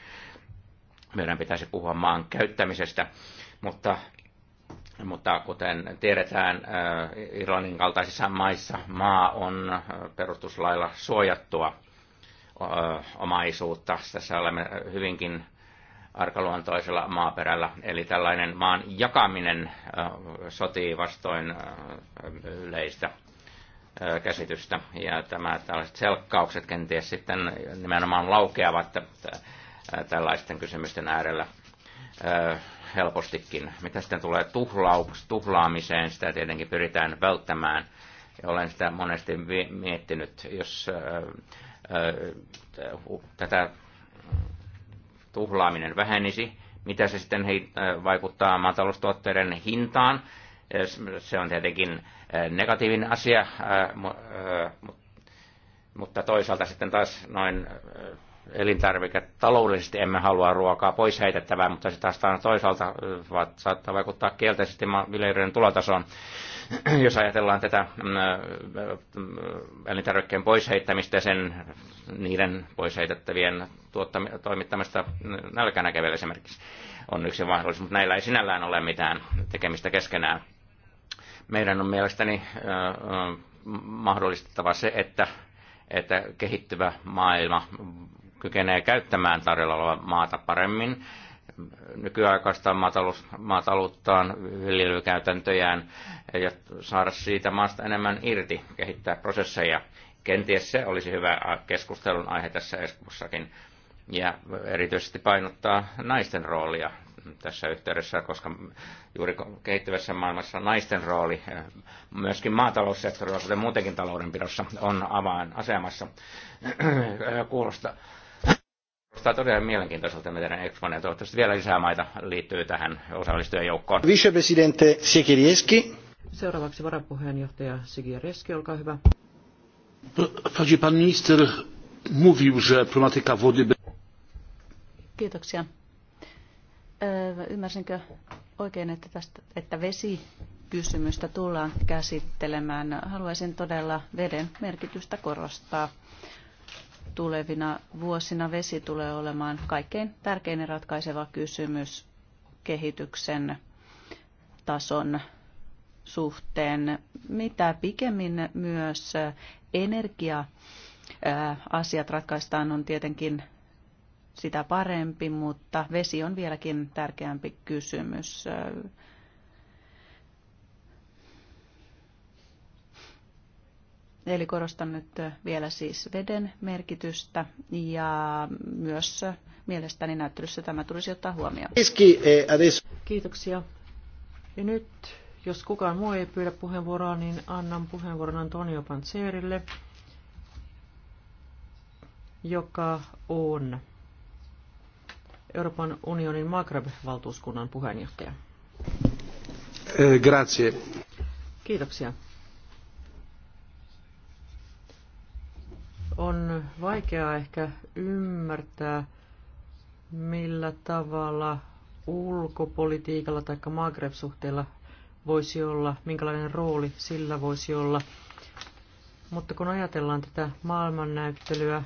Meidän pitäisi puhua maan käyttämisestä, mutta mutta kuten tiedetään, Irlannin kaltaisissa maissa maa on perustuslailla suojattua omaisuutta. Tässä olemme hyvinkin arkaluontoisella maaperällä. Eli tällainen maan jakaminen sotii vastoin yleistä käsitystä. Ja tämä, tällaiset selkkaukset kenties sitten nimenomaan laukeavat tällaisten kysymysten äärellä helpostikin. Mitä sitten tulee tuhlauks, tuhlaamiseen, sitä tietenkin pyritään välttämään. Olen sitä monesti miettinyt, jos tätä tuhlaaminen vähenisi, mitä se sitten vaikuttaa maataloustuotteiden hintaan. Se on tietenkin negatiivinen asia, mutta toisaalta sitten taas noin elintarvike. Taloudellisesti emme halua ruokaa pois heitettävää, mutta se taas toisaalta saattaa vaikuttaa kielteisesti viljelijöiden tulotasoon. Jos ajatellaan tätä mm, mm, elintarvikkeen pois heittämistä ja sen niiden pois heitettävien toimittamista nälkänäkevillä esimerkiksi on yksi mahdollisuus, mutta näillä ei sinällään ole mitään tekemistä keskenään. Meidän on mielestäni mahdollistettava se, että, että kehittyvä maailma kykenee käyttämään tarjolla olevaa maata paremmin, nykyaikaista maatalouttaan, viljelykäytäntöjään ja saada siitä maasta enemmän irti, kehittää prosesseja. Kenties se olisi hyvä keskustelun aihe tässä Espussakin ja erityisesti painottaa naisten roolia tässä yhteydessä, koska juuri kehittyvässä maailmassa naisten rooli myöskin maataloussektorilla, kuten muutenkin taloudenpidossa, on avainasemassa. Kuulostaa Kuulostaa todella mielenkiintoiselta meidän Expo, toivottavasti vielä lisää maita liittyy tähän osallistujajoukkoon. Vicepresidente Sikirieski. Seuraavaksi varapuheenjohtaja Sikirieski, olkaa hyvä. pan minister mówił, że problematyka wody... Kiitoksia. Ymmärsinkö oikein, että, tästä, että kysymystä tullaan käsittelemään? Haluaisin todella veden merkitystä korostaa tulevina vuosina vesi tulee olemaan kaikkein tärkein ratkaiseva kysymys kehityksen tason suhteen. Mitä pikemmin myös energia-asiat ratkaistaan on tietenkin sitä parempi, mutta vesi on vieläkin tärkeämpi kysymys. Eli korostan nyt vielä siis veden merkitystä ja myös mielestäni näyttelyssä tämä tulisi ottaa huomioon. Eh, Kiitoksia. Ja nyt, jos kukaan muu ei pyydä puheenvuoroa, niin annan puheenvuoron Antonio Panzerille, joka on Euroopan unionin Maghreb-valtuuskunnan puheenjohtaja. Eh, grazie. Kiitoksia. on vaikeaa ehkä ymmärtää, millä tavalla ulkopolitiikalla tai Maghreb-suhteella voisi olla, minkälainen rooli sillä voisi olla. Mutta kun ajatellaan tätä maailmannäyttelyä,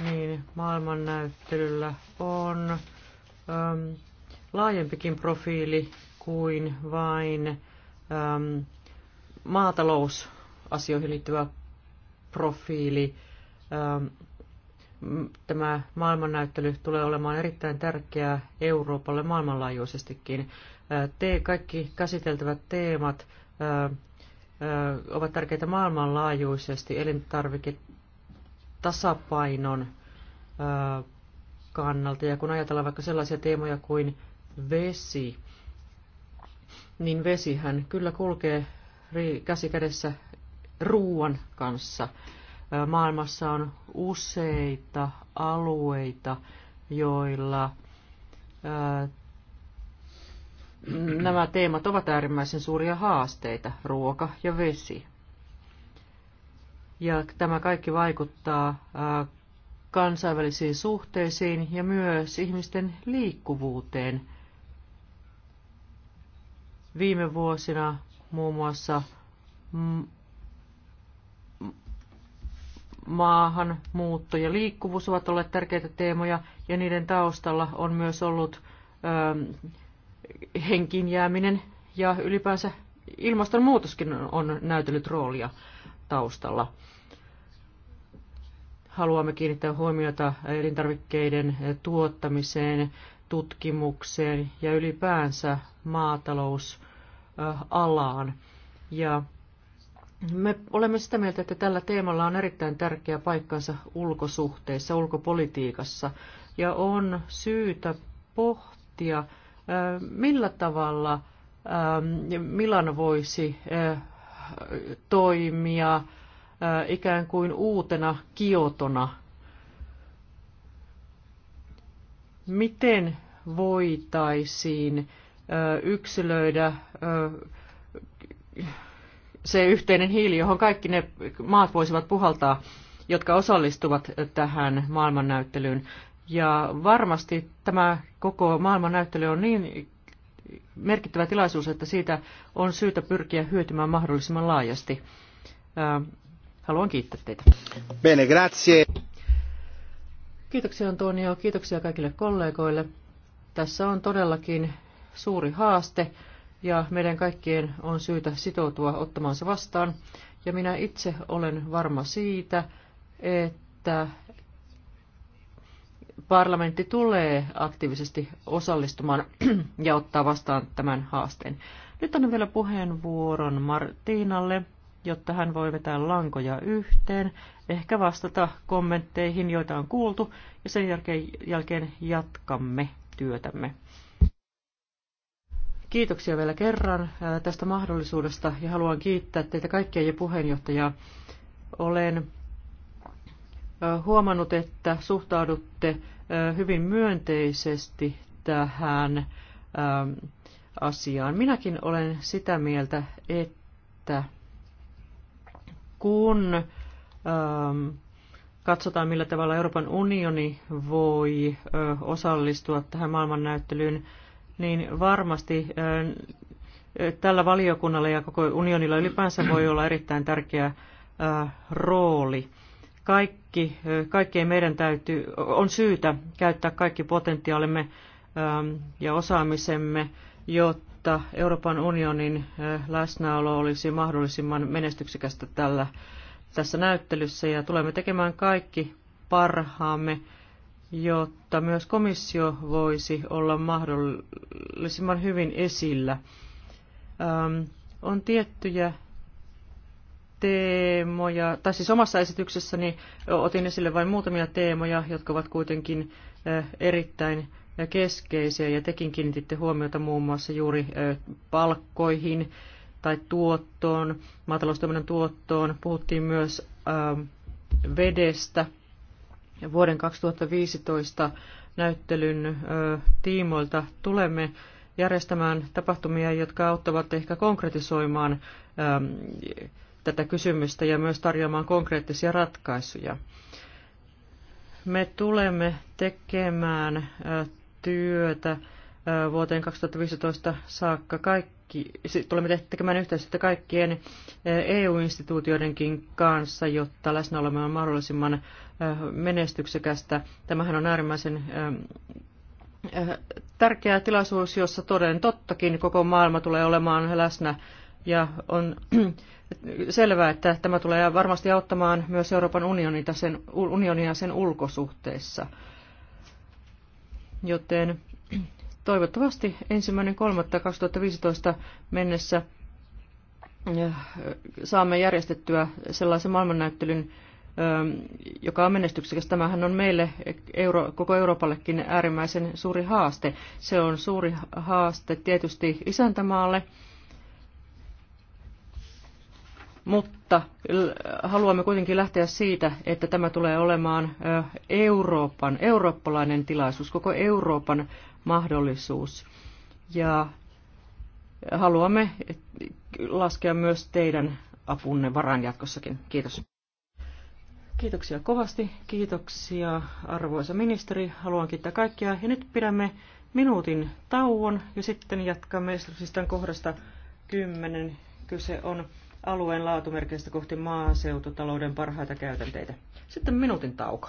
niin maailmannäyttelyllä on äm, laajempikin profiili kuin vain äm, maatalousasioihin liittyvä profiili. Ähm, tämä maailmannäyttely tulee olemaan erittäin tärkeää Euroopalle maailmanlaajuisestikin. Äh, te kaikki käsiteltävät teemat äh, äh, ovat tärkeitä maailmanlaajuisesti elintarviketasapainon kannalta. Ja kun ajatellaan vaikka sellaisia teemoja kuin vesi, niin vesihän kyllä kulkee käsi kädessä ruuan kanssa. Maailmassa on useita alueita, joilla nämä teemat ovat äärimmäisen suuria haasteita, ruoka ja vesi. Ja tämä kaikki vaikuttaa kansainvälisiin suhteisiin ja myös ihmisten liikkuvuuteen. Viime vuosina muun muassa maahanmuutto ja liikkuvuus ovat olleet tärkeitä teemoja ja niiden taustalla on myös ollut ö, ähm, henkiin jääminen ja ylipäänsä ilmastonmuutoskin on näytellyt roolia taustalla. Haluamme kiinnittää huomiota elintarvikkeiden tuottamiseen, tutkimukseen ja ylipäänsä maatalousalaan. Ja me olemme sitä mieltä, että tällä teemalla on erittäin tärkeä paikkansa ulkosuhteissa, ulkopolitiikassa, ja on syytä pohtia, millä tavalla Milan voisi toimia ikään kuin uutena kiotona. Miten voitaisiin yksilöidä se yhteinen hiili, johon kaikki ne maat voisivat puhaltaa, jotka osallistuvat tähän maailmannäyttelyyn. Ja varmasti tämä koko maailmannäyttely on niin merkittävä tilaisuus, että siitä on syytä pyrkiä hyötymään mahdollisimman laajasti. Haluan kiittää teitä. Bene, grazie. Kiitoksia Antonio, kiitoksia kaikille kollegoille. Tässä on todellakin suuri haaste ja meidän kaikkien on syytä sitoutua ottamaan se vastaan. Ja minä itse olen varma siitä, että parlamentti tulee aktiivisesti osallistumaan ja ottaa vastaan tämän haasteen. Nyt annan vielä puheenvuoron Martinalle, jotta hän voi vetää lankoja yhteen, ehkä vastata kommentteihin, joita on kuultu, ja sen jälkeen, jälkeen jatkamme työtämme. Kiitoksia vielä kerran tästä mahdollisuudesta ja haluan kiittää teitä kaikkia ja puheenjohtajaa. Olen huomannut, että suhtaudutte hyvin myönteisesti tähän asiaan. Minäkin olen sitä mieltä, että kun katsotaan, millä tavalla Euroopan unioni voi osallistua tähän maailmannäyttelyyn, niin varmasti tällä valiokunnalla ja koko unionilla ylipäänsä voi olla erittäin tärkeä rooli. Kaikki, kaikkien meidän täytyy, on syytä käyttää kaikki potentiaalimme ja osaamisemme, jotta Euroopan unionin läsnäolo olisi mahdollisimman menestyksekästä tällä, tässä näyttelyssä ja tulemme tekemään kaikki parhaamme jotta myös komissio voisi olla mahdollisimman hyvin esillä. Ähm, on tiettyjä teemoja, tai siis omassa esityksessäni otin esille vain muutamia teemoja, jotka ovat kuitenkin erittäin keskeisiä, ja tekin kiinnititte huomiota muun muassa juuri palkkoihin tai tuottoon, maataloustoiminnan tuottoon. Puhuttiin myös vedestä vuoden 2015 näyttelyn tiimoilta tulemme järjestämään tapahtumia, jotka auttavat ehkä konkretisoimaan tätä kysymystä ja myös tarjoamaan konkreettisia ratkaisuja. Me tulemme tekemään työtä vuoteen 2015 saakka kaikki, tulemme tekemään yhteistyötä kaikkien EU-instituutioidenkin kanssa, jotta läsnäolemme on mahdollisimman menestyksekästä. Tämähän on äärimmäisen tärkeä tilaisuus, jossa toden tottakin koko maailma tulee olemaan läsnä ja on selvää, että tämä tulee varmasti auttamaan myös Euroopan unionia sen, unionia sen ulkosuhteissa. Joten toivottavasti ensimmäinen 3.2015 mennessä saamme järjestettyä sellaisen maailmannäyttelyn, Ähm, joka on menestyksekäs. Tämähän on meille, Euro, koko Euroopallekin äärimmäisen suuri haaste. Se on suuri haaste tietysti isäntämaalle, mutta äh, haluamme kuitenkin lähteä siitä, että tämä tulee olemaan äh, Euroopan, eurooppalainen tilaisuus, koko Euroopan mahdollisuus. Ja äh, haluamme laskea myös teidän apunne varaan jatkossakin. Kiitos. Kiitoksia kovasti. Kiitoksia arvoisa ministeri. Haluan kiittää kaikkia. Ja nyt pidämme minuutin tauon ja sitten jatkamme esityslistan kohdasta 10. Kyse on alueen laatumerkeistä kohti maaseututalouden parhaita käytänteitä. Sitten minuutin tauko.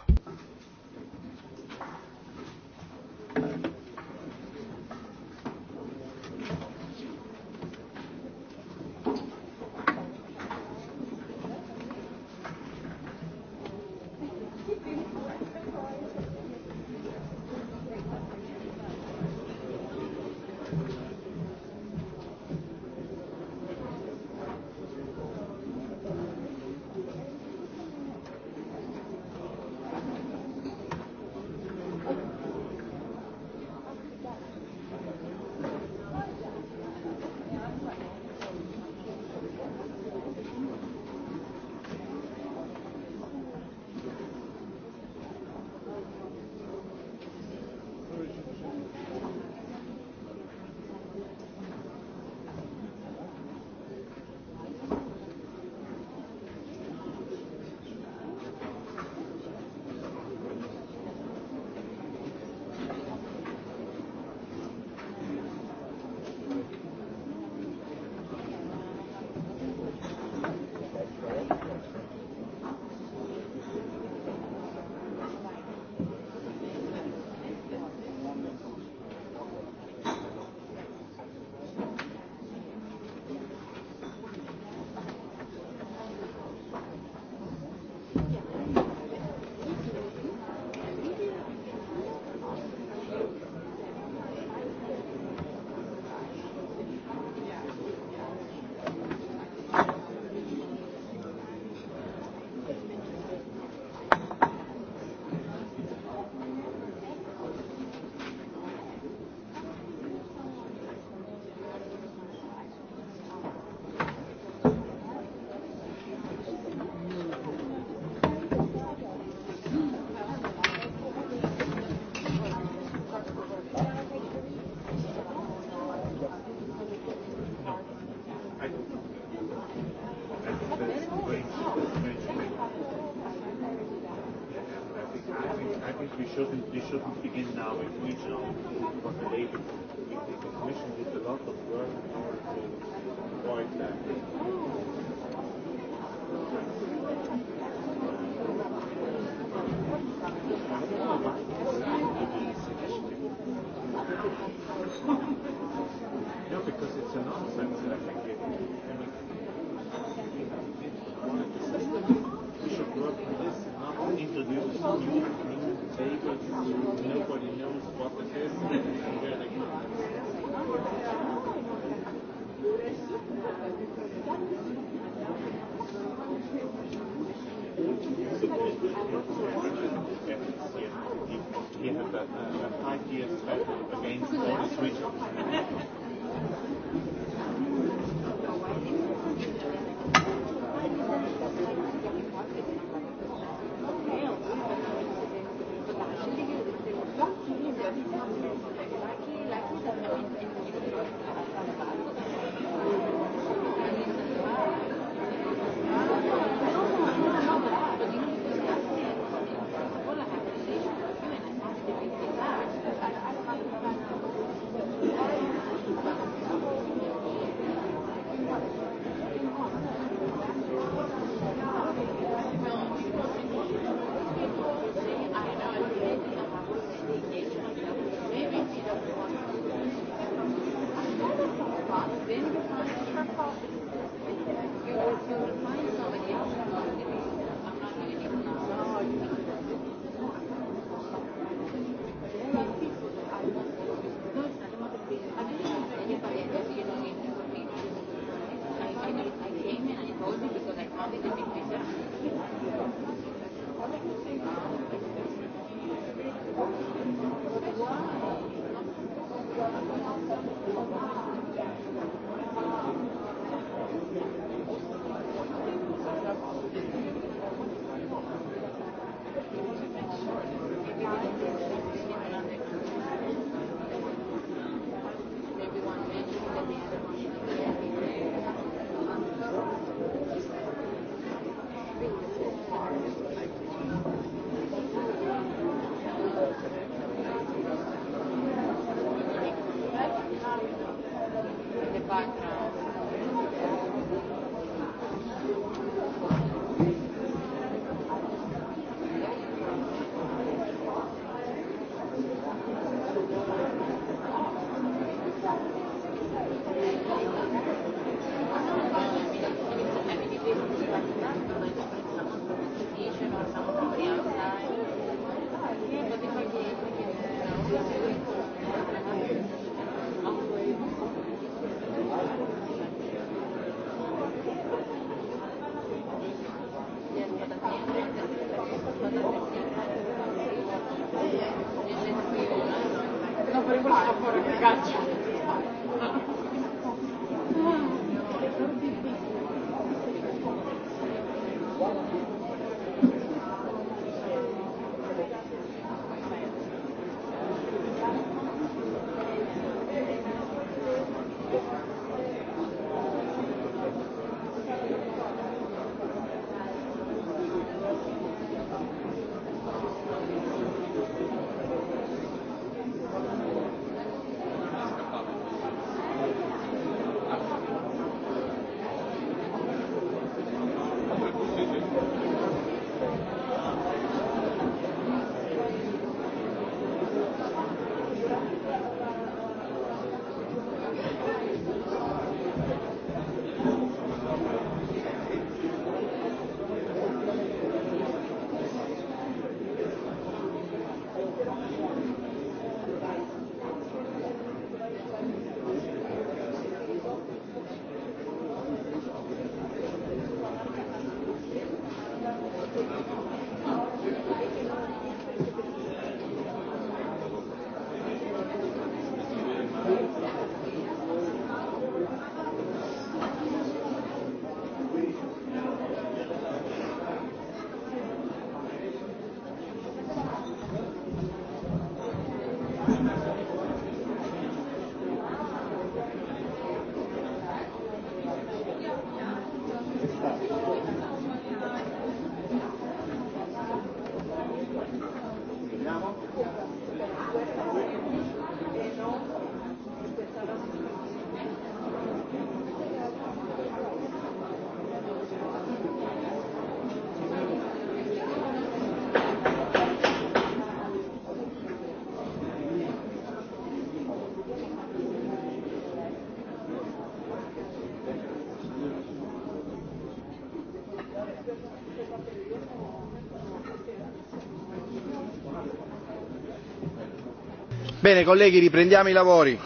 Bene, colleghi, riprendiamo i lavori.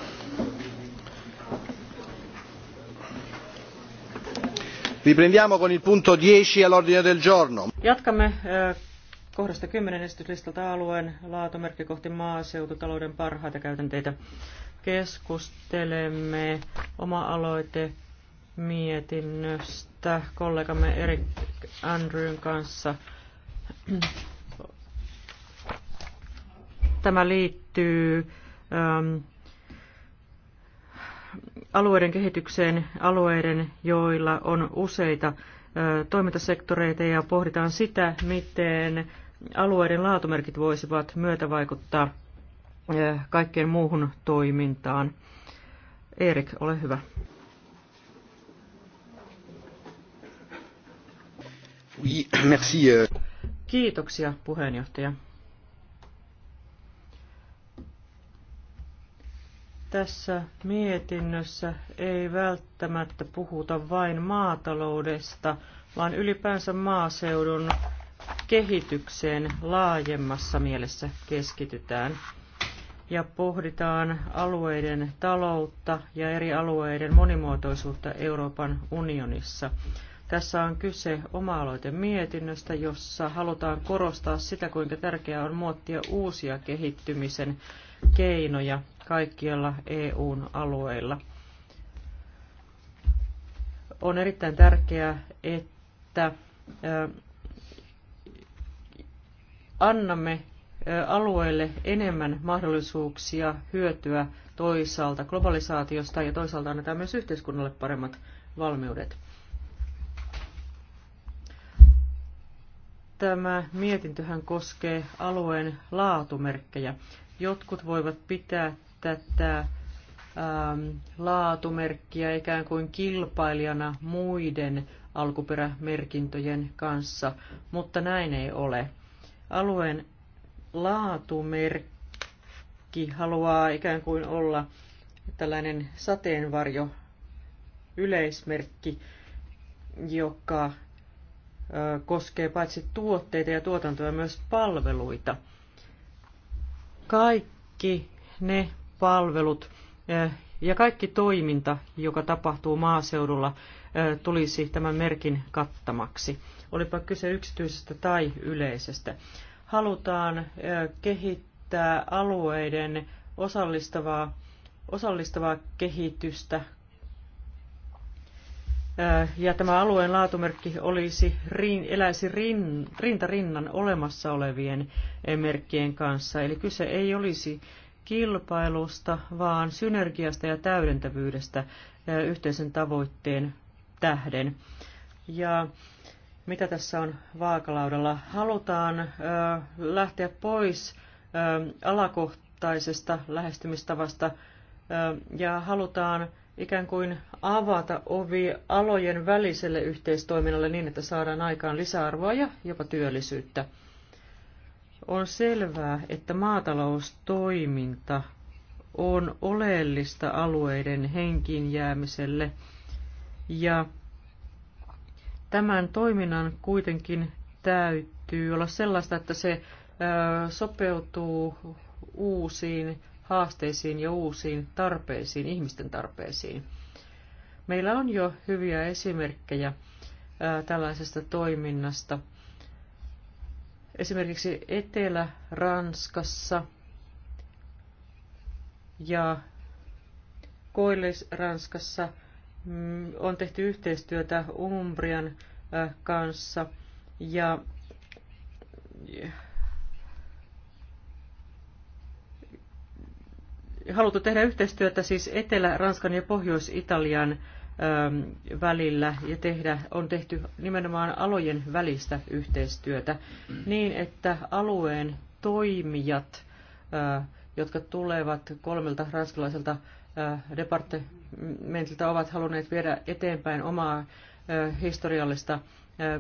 Riprendiamo con il punto 10 all'ordine del giorno. Jatkamme eh, kohdasta 10 esityslistalta alueen laatumerkki kohti maaseututalouden parhaita käytänteitä. Keskustelemme oma-aloite mietinnöstä kollegamme Erik Andrewn kanssa. Tämä liittyy ähm, alueiden kehitykseen, alueiden, joilla on useita äh, toimintasektoreita ja pohditaan sitä, miten alueiden laatumerkit voisivat myötävaikuttaa äh, kaikkeen muuhun toimintaan. Erik, ole hyvä. Euh. Kiitoksia puheenjohtaja. Tässä mietinnössä ei välttämättä puhuta vain maataloudesta, vaan ylipäänsä maaseudun kehitykseen laajemmassa mielessä keskitytään ja pohditaan alueiden taloutta ja eri alueiden monimuotoisuutta Euroopan unionissa. Tässä on kyse oma mietinnöstä, jossa halutaan korostaa sitä, kuinka tärkeää on muottia uusia kehittymisen keinoja kaikkialla EUn alueilla. On erittäin tärkeää, että annamme alueelle enemmän mahdollisuuksia hyötyä toisaalta globalisaatiosta ja toisaalta annetaan myös yhteiskunnalle paremmat valmiudet. Tämä mietintöhän koskee alueen laatumerkkejä. Jotkut voivat pitää tätä ähm, laatumerkkiä ikään kuin kilpailijana muiden alkuperämerkintöjen kanssa, mutta näin ei ole. Alueen laatumerkki haluaa ikään kuin olla tällainen sateenvarjo yleismerkki, joka koskee paitsi tuotteita ja tuotantoja myös palveluita. Kaikki ne palvelut eh, ja kaikki toiminta, joka tapahtuu maaseudulla, eh, tulisi tämän merkin kattamaksi. Olipa kyse yksityisestä tai yleisestä. Halutaan eh, kehittää alueiden osallistavaa, osallistavaa kehitystä. Ja tämä alueen laatumerkki olisi, eläisi rin, rintarinnan olemassa olevien merkkien kanssa. Eli kyse ei olisi kilpailusta, vaan synergiasta ja täydentävyydestä yhteisen tavoitteen tähden. Ja mitä tässä on vaakalaudalla? Halutaan lähteä pois alakohtaisesta lähestymistavasta ja halutaan ikään kuin avata ovi alojen väliselle yhteistoiminnalle niin, että saadaan aikaan lisäarvoa ja jopa työllisyyttä. On selvää, että maataloustoiminta on oleellista alueiden henkiin jäämiselle ja tämän toiminnan kuitenkin täytyy olla sellaista, että se sopeutuu uusiin haasteisiin ja uusiin tarpeisiin, ihmisten tarpeisiin. Meillä on jo hyviä esimerkkejä tällaisesta toiminnasta – esimerkiksi Etelä-Ranskassa ja Koillis-Ranskassa mm, on tehty yhteistyötä Umbrian kanssa ja haluttu tehdä yhteistyötä siis Etelä-Ranskan ja Pohjois-Italian Ähm, välillä ja tehdä, on tehty nimenomaan alojen välistä yhteistyötä niin, että alueen toimijat, äh, jotka tulevat kolmelta ranskalaiselta äh, departementilta, ovat halunneet viedä eteenpäin omaa äh, historiallista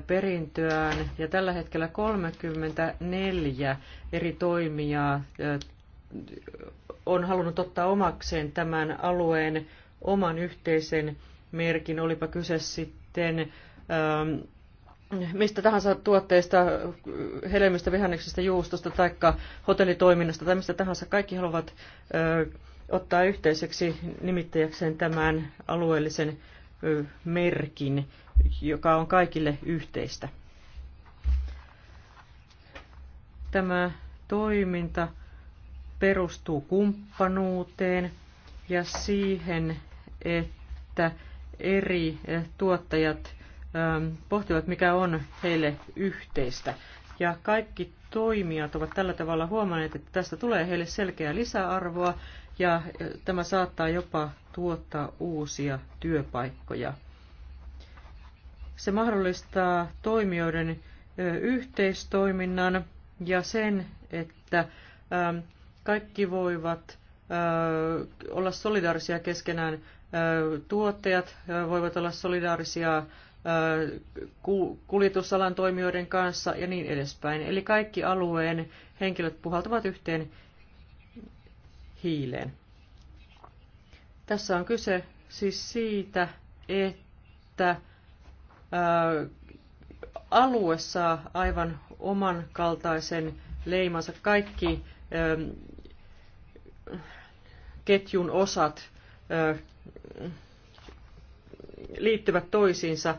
perintöään. Ja tällä hetkellä 34 eri toimijaa on halunnut ottaa omakseen tämän alueen oman yhteisen merkin, olipa kyse sitten ähm, mistä tahansa tuotteista, hedelmistä, vihanneksista, juustosta tai hotellitoiminnasta tai mistä tahansa. Kaikki haluavat ö, äh, ottaa yhteiseksi nimittäjäkseen tämän alueellisen ö, merkin, joka on kaikille yhteistä. Tämä toiminta perustuu kumppanuuteen ja siihen, että eri eh, tuottajat eh, pohtivat, mikä on heille yhteistä. Ja kaikki toimijat ovat tällä tavalla huomanneet, että tästä tulee heille selkeää lisäarvoa ja eh, tämä saattaa jopa tuottaa uusia työpaikkoja. Se mahdollistaa toimijoiden yhteistoiminnan ja sen, että kaikki voivat olla solidaarisia keskenään tuottajat voivat olla solidaarisia kuljetusalan toimijoiden kanssa ja niin edespäin. Eli kaikki alueen henkilöt puhaltavat yhteen hiileen. Tässä on kyse siis siitä, että alue saa aivan oman kaltaisen leimansa. Kaikki ketjun osat liittyvät toisiinsa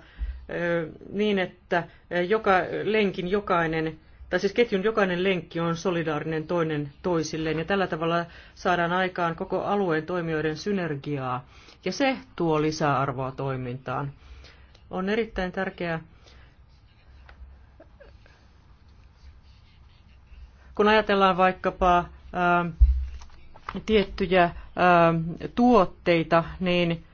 niin, että joka, lenkin jokainen, tai siis ketjun jokainen lenkki on solidaarinen toinen toisilleen. Ja tällä tavalla saadaan aikaan koko alueen toimijoiden synergiaa. Ja se tuo lisäarvoa toimintaan. On erittäin tärkeää, kun ajatellaan vaikkapa ää, tiettyjä tuotteita, niin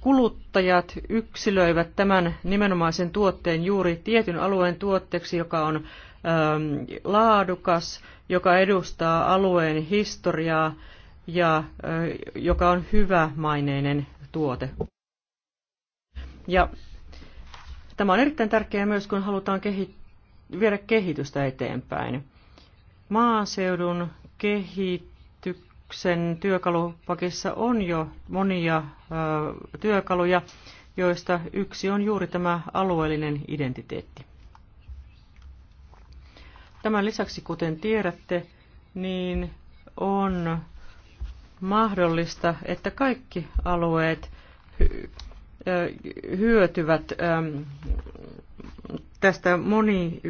kuluttajat yksilöivät tämän nimenomaisen tuotteen juuri tietyn alueen tuotteeksi, joka on laadukas, joka edustaa alueen historiaa ja joka on hyvämaineinen tuote. Ja tämä on erittäin tärkeää myös, kun halutaan kehi- viedä kehitystä eteenpäin. Maaseudun kehityksen työkalupakissa on jo monia työkaluja, joista yksi on juuri tämä alueellinen identiteetti. Tämän lisäksi, kuten tiedätte, niin on mahdollista, että kaikki alueet hyötyvät tästä moni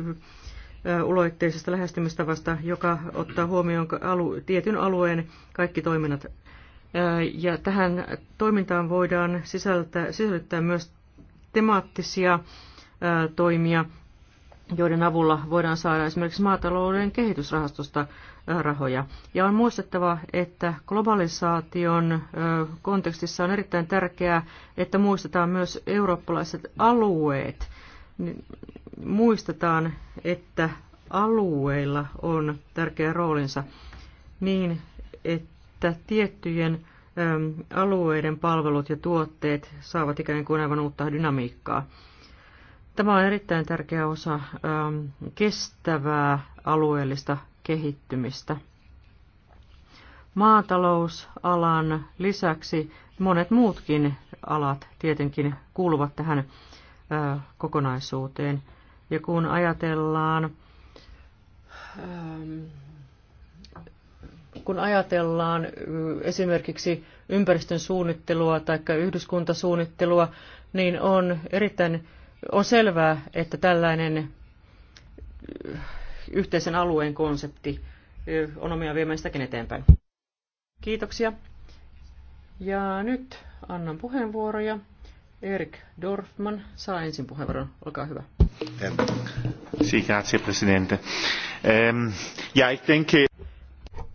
uloitteisesta lähestymistavasta, joka ottaa huomioon alu, tietyn alueen kaikki toiminnat. Ja tähän toimintaan voidaan sisältää, sisällyttää myös temaattisia toimia, joiden avulla voidaan saada esimerkiksi maatalouden kehitysrahastosta rahoja. Ja on muistettava, että globalisaation kontekstissa on erittäin tärkeää, että muistetaan myös eurooppalaiset alueet niin muistetaan, että alueilla on tärkeä roolinsa niin, että tiettyjen alueiden palvelut ja tuotteet saavat ikään kuin aivan uutta dynamiikkaa. Tämä on erittäin tärkeä osa kestävää alueellista kehittymistä. Maatalousalan lisäksi monet muutkin alat tietenkin kuuluvat tähän kokonaisuuteen. Ja kun ajatellaan, ähm, kun ajatellaan äh, esimerkiksi ympäristön suunnittelua tai yhdyskuntasuunnittelua, niin on erittäin on selvää, että tällainen äh, yhteisen alueen konsepti äh, on omia viemään sitäkin eteenpäin. Kiitoksia. Ja nyt annan puheenvuoroja Erik Dorfman saa ensin puheenvuoron. Olkaa hyvä. Sì, grazie Presidente. Ehm, ja,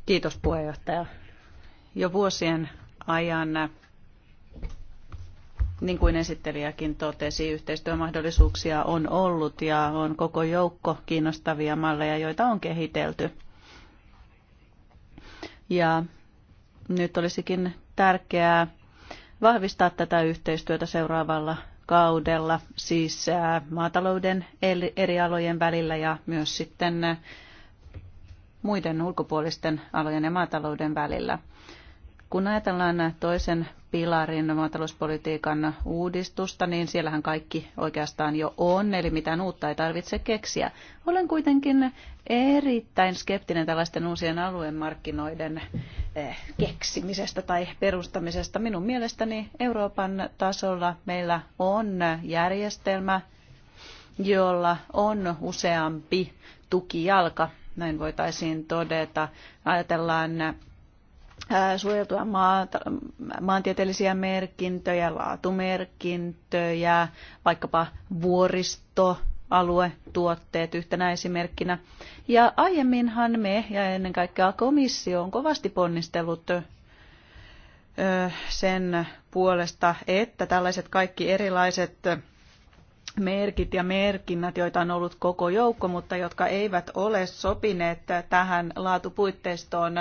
Kiitos puheenjohtaja. Jo vuosien ajan, niin kuin esittelijäkin totesi, yhteistyömahdollisuuksia on ollut ja on koko joukko kiinnostavia malleja, joita on kehitelty. Ja nyt olisikin tärkeää vahvistaa tätä yhteistyötä seuraavalla kaudella, siis maatalouden eri alojen välillä ja myös sitten muiden ulkopuolisten alojen ja maatalouden välillä. Kun ajatellaan toisen pilarin maatalouspolitiikan uudistusta, niin siellähän kaikki oikeastaan jo on, eli mitään uutta ei tarvitse keksiä. Olen kuitenkin erittäin skeptinen tällaisten uusien aluemarkkinoiden eh, keksimisestä tai perustamisesta. Minun mielestäni Euroopan tasolla meillä on järjestelmä, jolla on useampi tukijalka, näin voitaisiin todeta. Ajatellaan suojeltuja maantieteellisiä merkintöjä, laatumerkintöjä, vaikkapa vuoristo, tuotteet yhtenä esimerkkinä. Ja aiemminhan me ja ennen kaikkea komissio on kovasti ponnistellut sen puolesta, että tällaiset kaikki erilaiset merkit ja merkinnät, joita on ollut koko joukko, mutta jotka eivät ole sopineet tähän laatupuitteistoon,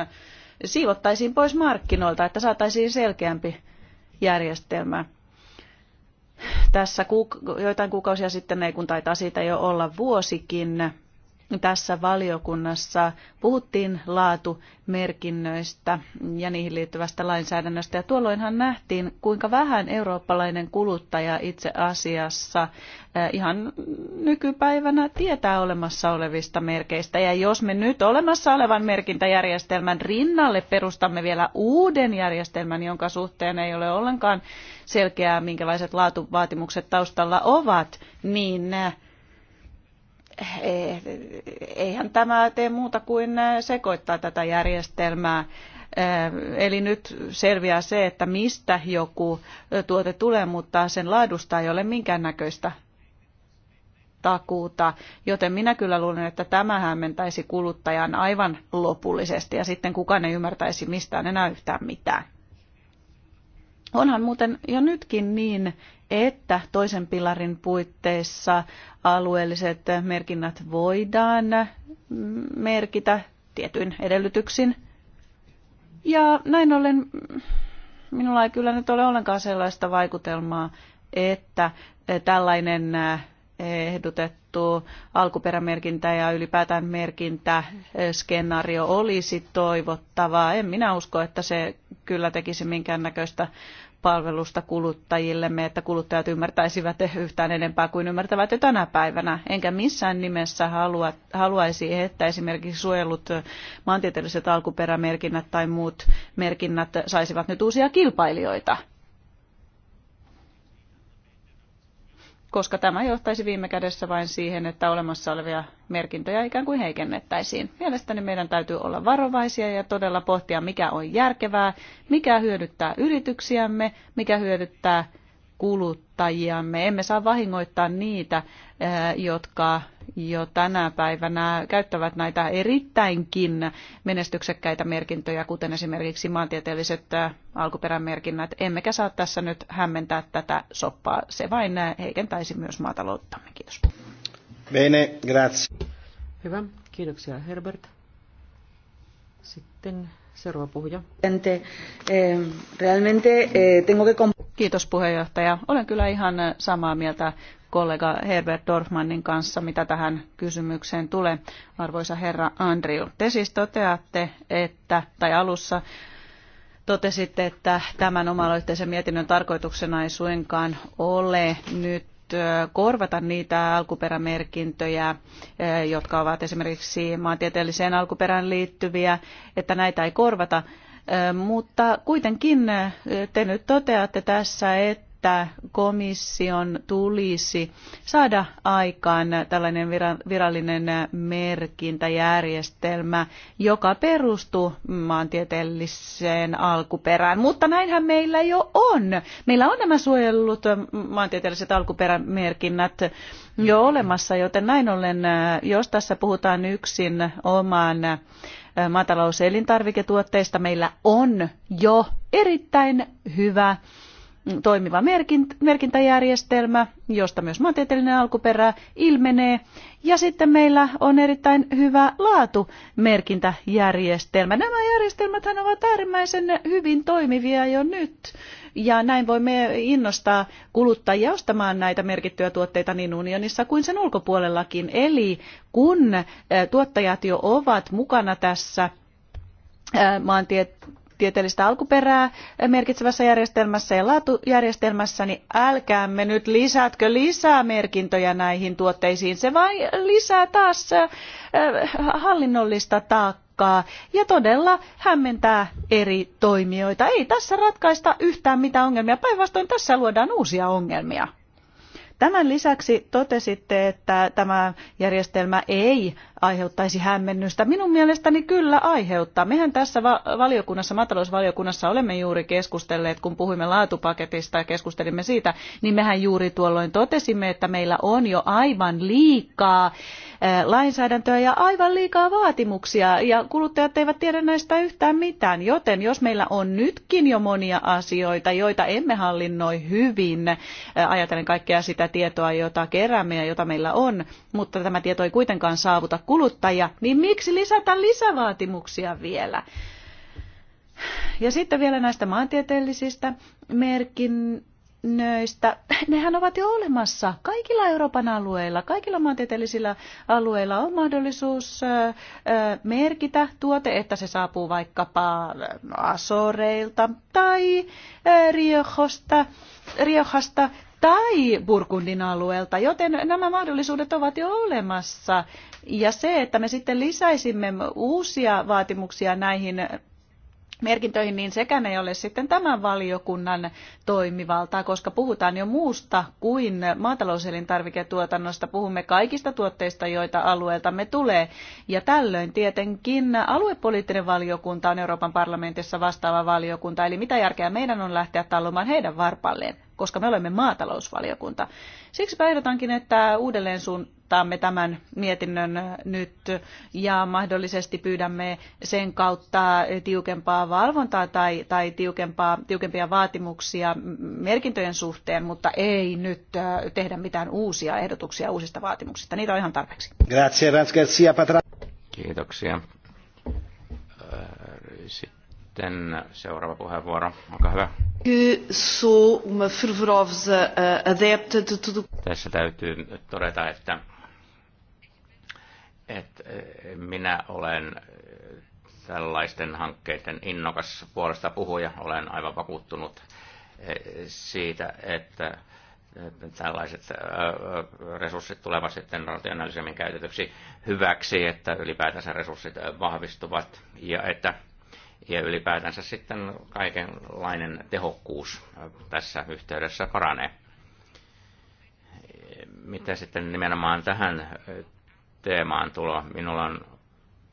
siivottaisiin pois markkinoilta, että saataisiin selkeämpi järjestelmä. Tässä joitain kuukausia sitten, ei kun taitaa siitä jo olla vuosikin, tässä valiokunnassa puhuttiin laatumerkinnöistä ja niihin liittyvästä lainsäädännöstä. Ja tuolloinhan nähtiin, kuinka vähän eurooppalainen kuluttaja itse asiassa eh, ihan nykypäivänä tietää olemassa olevista merkeistä. Ja jos me nyt olemassa olevan merkintäjärjestelmän rinnalle perustamme vielä uuden järjestelmän, jonka suhteen ei ole ollenkaan selkeää, minkälaiset laatuvaatimukset taustalla ovat, niin eh, Eh, eihän tämä tee muuta kuin eh, sekoittaa tätä järjestelmää. Eh, eli nyt selviää se, että mistä joku tuote tulee, mutta sen laadusta ei ole minkäännäköistä takuuta, joten minä kyllä luulen, että tämä hämmentäisi kuluttajan aivan lopullisesti ja sitten kukaan ei ymmärtäisi mistään enää yhtään mitään. Onhan muuten jo nytkin niin, että toisen pilarin puitteissa alueelliset merkinnät voidaan merkitä tietyin edellytyksin. Ja näin ollen minulla ei kyllä nyt ole ollenkaan sellaista vaikutelmaa, että tällainen ehdotettu alkuperämerkintä ja ylipäätään merkintäskenaario eh, skenaario olisi toivottavaa. En minä usko, että se kyllä tekisi minkäännäköistä palvelusta kuluttajillemme, että kuluttajat ymmärtäisivät yhtään enempää kuin ymmärtävät jo tänä päivänä. Enkä missään nimessä halua, haluaisi, että esimerkiksi suojellut maantieteelliset alkuperämerkinnät tai muut merkinnät saisivat nyt uusia kilpailijoita. koska tämä johtaisi viime kädessä vain siihen, että olemassa olevia merkintöjä ikään kuin heikennettäisiin. Mielestäni meidän täytyy olla varovaisia ja todella pohtia, mikä on järkevää, mikä hyödyttää yrityksiämme, mikä hyödyttää kuluttajia kuluttajiamme. Emme saa vahingoittaa niitä, eh, jotka jo tänä päivänä käyttävät näitä erittäinkin menestyksekkäitä merkintöjä, kuten esimerkiksi maantieteelliset eh, alkuperämerkinnät. Emmekä saa tässä nyt hämmentää tätä soppaa. Se vain eh, heikentäisi myös maatalouttamme. Kiitos. Bene, grazie. Hyvä. Kiitoksia Herbert. Sitten Eh, eh, Kiitos puheenjohtaja. Olen kyllä ihan eh, samaa mieltä kollega Herbert Dorfmannin kanssa, mitä tähän kysymykseen tulee. Arvoisa herra Andriu, te siis toteatte, että, tai alussa totesitte, että tämän oma-aloitteisen mietinnön tarkoituksena ei suinkaan ole nyt korvata niitä alkuperämerkintöjä, jotka ovat esimerkiksi maantieteelliseen alkuperään liittyviä, että näitä ei korvata. Mutta kuitenkin te nyt toteatte tässä, että että komission tulisi saada aikaan tällainen virallinen merkintäjärjestelmä, joka perustuu maantieteelliseen alkuperään. Mutta näinhän meillä jo on. Meillä on nämä suojellut maantieteelliset alkuperämerkinnät jo olemassa, joten näin ollen, jos tässä puhutaan yksin omaan maatalouselintarviketuotteista, meillä on jo erittäin hyvä toimiva merkintäjärjestelmä, josta myös maantieteellinen alkuperä ilmenee. Ja sitten meillä on erittäin hyvä laatu merkintäjärjestelmä. Nämä järjestelmät ovat äärimmäisen hyvin toimivia jo nyt. Ja näin voimme innostaa kuluttajia ostamaan näitä merkittyjä tuotteita niin unionissa kuin sen ulkopuolellakin. Eli kun tuottajat jo ovat mukana tässä maantiet tieteellistä alkuperää merkitsevässä järjestelmässä ja laatujärjestelmässä, niin älkäämme nyt lisätkö lisää merkintöjä näihin tuotteisiin. Se vain lisää taas hallinnollista taakkaa ja todella hämmentää eri toimijoita. Ei tässä ratkaista yhtään mitään ongelmia, päinvastoin tässä luodaan uusia ongelmia. Tämän lisäksi totesitte, että tämä järjestelmä ei aiheuttaisi hämmennystä. Minun mielestäni kyllä aiheuttaa. Mehän tässä valiokunnassa, maatalousvaliokunnassa olemme juuri keskustelleet, kun puhuimme laatupaketista ja keskustelimme siitä, niin mehän juuri tuolloin totesimme, että meillä on jo aivan liikaa eh, lainsäädäntöä ja aivan liikaa vaatimuksia ja kuluttajat eivät tiedä näistä yhtään mitään. Joten jos meillä on nytkin jo monia asioita, joita emme hallinnoi hyvin, eh, ajatellen kaikkea sitä tietoa, jota keräämme ja jota meillä on, mutta tämä tieto ei kuitenkaan saavuta kuluttaja, niin miksi lisätä lisävaatimuksia vielä? Ja sitten vielä näistä maantieteellisistä merkinnöistä. Nehän ovat jo olemassa kaikilla Euroopan alueilla, kaikilla maantieteellisillä alueilla on mahdollisuus merkitä tuote, että se saapuu vaikkapa Asoreilta tai Riohosta, Riohasta tai Burgundin alueelta, joten nämä mahdollisuudet ovat jo olemassa. Ja se, että me sitten lisäisimme uusia vaatimuksia näihin merkintöihin, niin sekään ei ole sitten tämän valiokunnan toimivaltaa, koska puhutaan jo muusta kuin maatalouselintarviketuotannosta. Puhumme kaikista tuotteista, joita alueeltamme tulee. Ja tällöin tietenkin aluepoliittinen valiokunta on Euroopan parlamentissa vastaava valiokunta, eli mitä järkeä meidän on lähteä tallomaan heidän varpalleen koska me olemme maatalousvaliokunta. Siksi ehdotankin, että uudelleen suuntaamme tämän mietinnön nyt ja mahdollisesti pyydämme sen kautta tiukempaa valvontaa tai, tai tiukempaa, tiukempia vaatimuksia merkintöjen suhteen, mutta ei nyt tehdä mitään uusia ehdotuksia uusista vaatimuksista. Niitä on ihan tarpeeksi. Grazie, Kiitoksia. Sitten sitten seuraava puheenvuoro, olkaa hyvä. Eh, Tässä täytyy todeta, että, että eh, minä olen eh, tällaisten hankkeiden innokas puolesta puhuja. Olen aivan vakuuttunut siitä, että tällaiset resurssit tulevat sitten rationaalisemmin käytetyksi hyväksi, että ylipäätänsä resurssit vahvistuvat ja että ja ylipäätänsä sitten kaikenlainen tehokkuus tässä yhteydessä paranee. Mitä sitten nimenomaan tähän teemaan tulo? Minulla on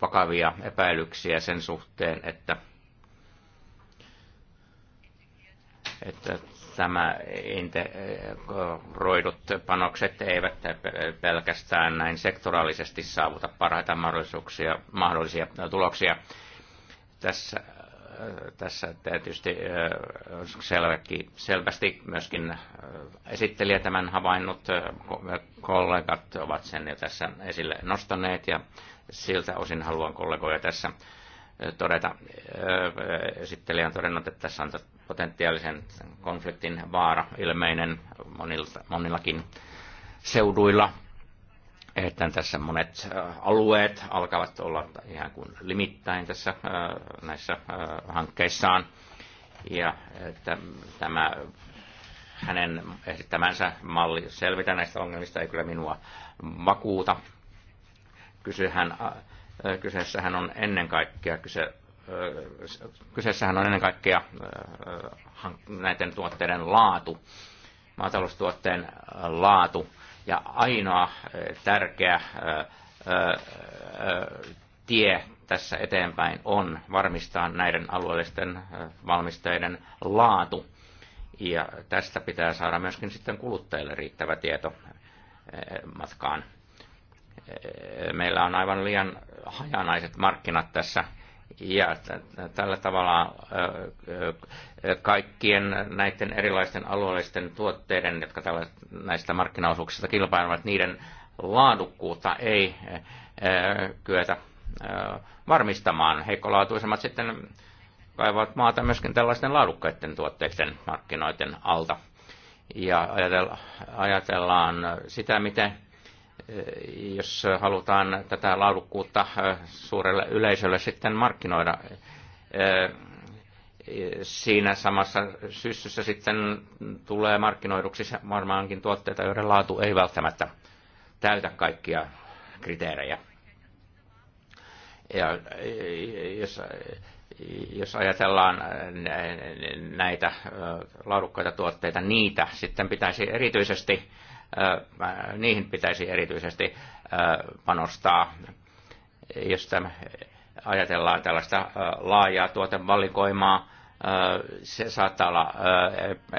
vakavia epäilyksiä sen suhteen, että, että tämä integroidut panokset eivät pelkästään näin sektoraalisesti saavuta parhaita mahdollisuuksia, mahdollisia tuloksia, tässä, tässä tietysti äh, selväkin, selvästi myöskin äh, esittelijä tämän havainnut, kollegat ovat sen jo tässä esille nostaneet ja siltä osin haluan kollegoja tässä äh, todeta. Esittelijä on todennut, että tässä on potentiaalisen konfliktin vaara ilmeinen monilta, monillakin seuduilla että tässä monet äh, alueet alkavat olla ihan kuin limittäin tässä äh, näissä äh, hankkeissaan. Ja että tämä hänen esittämänsä malli selvitä näistä ongelmista ei kyllä minua vakuuta. Kysyhän, kyseessähän on ennen kaikkea kyse kyseessähän on ennen kaikkea näiden tuotteiden laatu, maataloustuotteen laatu ja ainoa äh, tärkeä äh, äh, tie tässä eteenpäin on varmistaa näiden alueellisten valmisteiden laatu. Ja tästä pitää saada myöskin sitten kuluttajille riittävä tieto matkaan. Meillä on aivan liian hajanaiset markkinat tässä ja tällä tavalla kaikkien näiden erilaisten alueellisten tuotteiden, jotka näistä markkinaosuuksista kilpailevat, niiden laadukkuutta ei kyetä varmistamaan. Heikkolaatuisemmat sitten kaivavat maata myöskin tällaisten laadukkaiden tuotteiden markkinoiden alta. Ja ajatellaan sitä, miten jos halutaan tätä laadukkuutta suurelle yleisölle sitten markkinoida siinä samassa syssyssä sitten tulee markkinoiduksi varmaankin tuotteita, joiden laatu ei välttämättä täytä kaikkia kriteerejä. Ja jos, jos ajatellaan näitä äh, laadukkaita tuotteita, niitä sitten pitäisi erityisesti, äh, niihin pitäisi erityisesti äh, panostaa, jos ajatellaan tällaista laajaa tuotevalikoimaa, se saattaa olla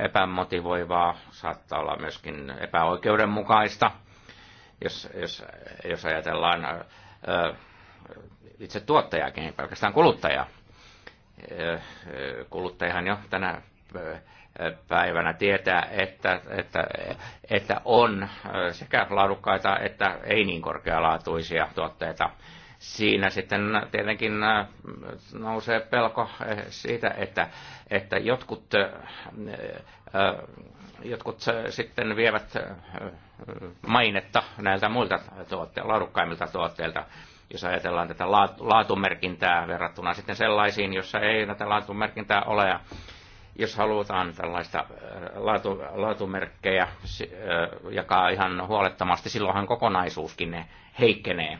epämotivoivaa, saattaa olla myöskin epäoikeudenmukaista, jos, jos, jos ajatellaan itse tuottajakin, pelkästään kuluttaja, Kuluttajahan jo tänä päivänä tietää, että, että, että on sekä laadukkaita että ei niin korkealaatuisia tuotteita siinä sitten äh, tietenkin äh, nousee pelko äh, siitä, että, että jotkut, jotkut sitten vievät mainetta näiltä muilta tuotteilta, laadukkaimmilta tuotteilta, jos ajatellaan tätä laatumerkintää verrattuna sitten sellaisiin, jossa ei tätä laatumerkintää ole. Ja jos halutaan tällaista laatu, laatumerkkejä jakaa ihan huolettomasti, silloinhan kokonaisuuskin ne heikkenee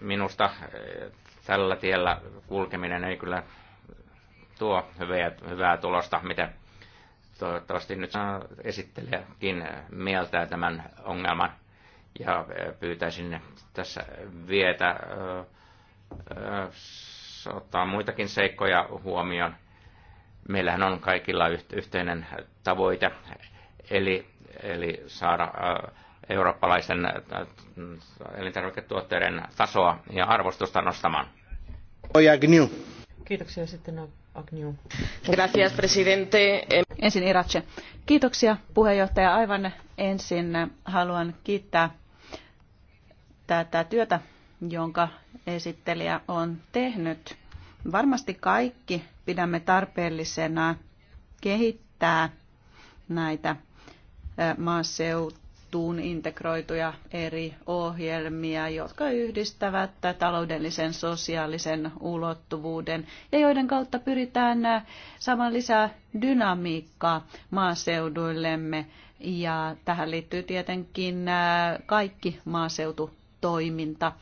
minusta tällä tiellä kulkeminen ei kyllä tuo hyvää, hyvää tulosta, mitä toivottavasti nyt esittelijäkin mieltää tämän ongelman. Ja pyytäisin tässä vietä ottaa muitakin seikkoja huomioon. Meillähän on kaikilla yhteinen tavoite, eli, eli saada eurooppalaisten äh, elintarviketuotteiden tasoa ja arvostusta nostamaan. Kiitoksia sitten Agnew. Gracias, presidente. Ensin Iratse. Kiitoksia puheenjohtaja. Aivan ensin haluan kiittää tätä työtä, jonka esittelijä on tehnyt. Varmasti kaikki pidämme tarpeellisena kehittää näitä äh, maaseutuja vastuun integroituja eri ohjelmia, jotka yhdistävät taloudellisen, sosiaalisen ulottuvuuden ja joiden kautta pyritään saamaan lisää dynamiikkaa maaseuduillemme. Ja tähän liittyy tietenkin kaikki maaseututoiminta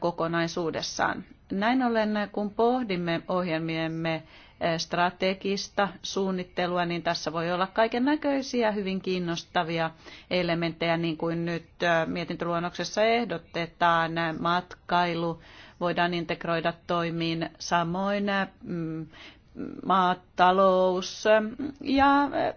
kokonaisuudessaan. Näin ollen, kun pohdimme ohjelmiemme strategista suunnittelua, niin tässä voi olla kaiken näköisiä hyvin kiinnostavia elementtejä, niin kuin nyt mietintöluonnoksessa ehdotetaan. Matkailu voidaan integroida toimiin samoin mm, maatalous ja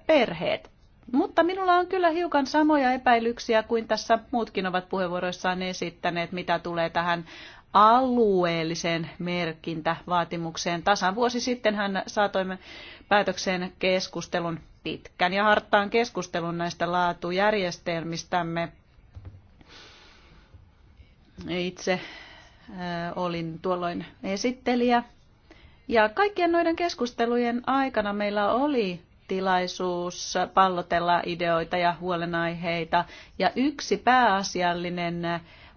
perheet. Mutta minulla on kyllä hiukan samoja epäilyksiä kuin tässä muutkin ovat puheenvuoroissaan esittäneet, mitä tulee tähän alueelliseen merkintävaatimukseen. Tasan vuosi sitten hän saatoi päätökseen keskustelun pitkän ja hartaan keskustelun näistä laatujärjestelmistämme. Itse äh, olin tuolloin esittelijä. Ja kaikkien noiden keskustelujen aikana meillä oli tilaisuus pallotella ideoita ja huolenaiheita. Ja yksi pääasiallinen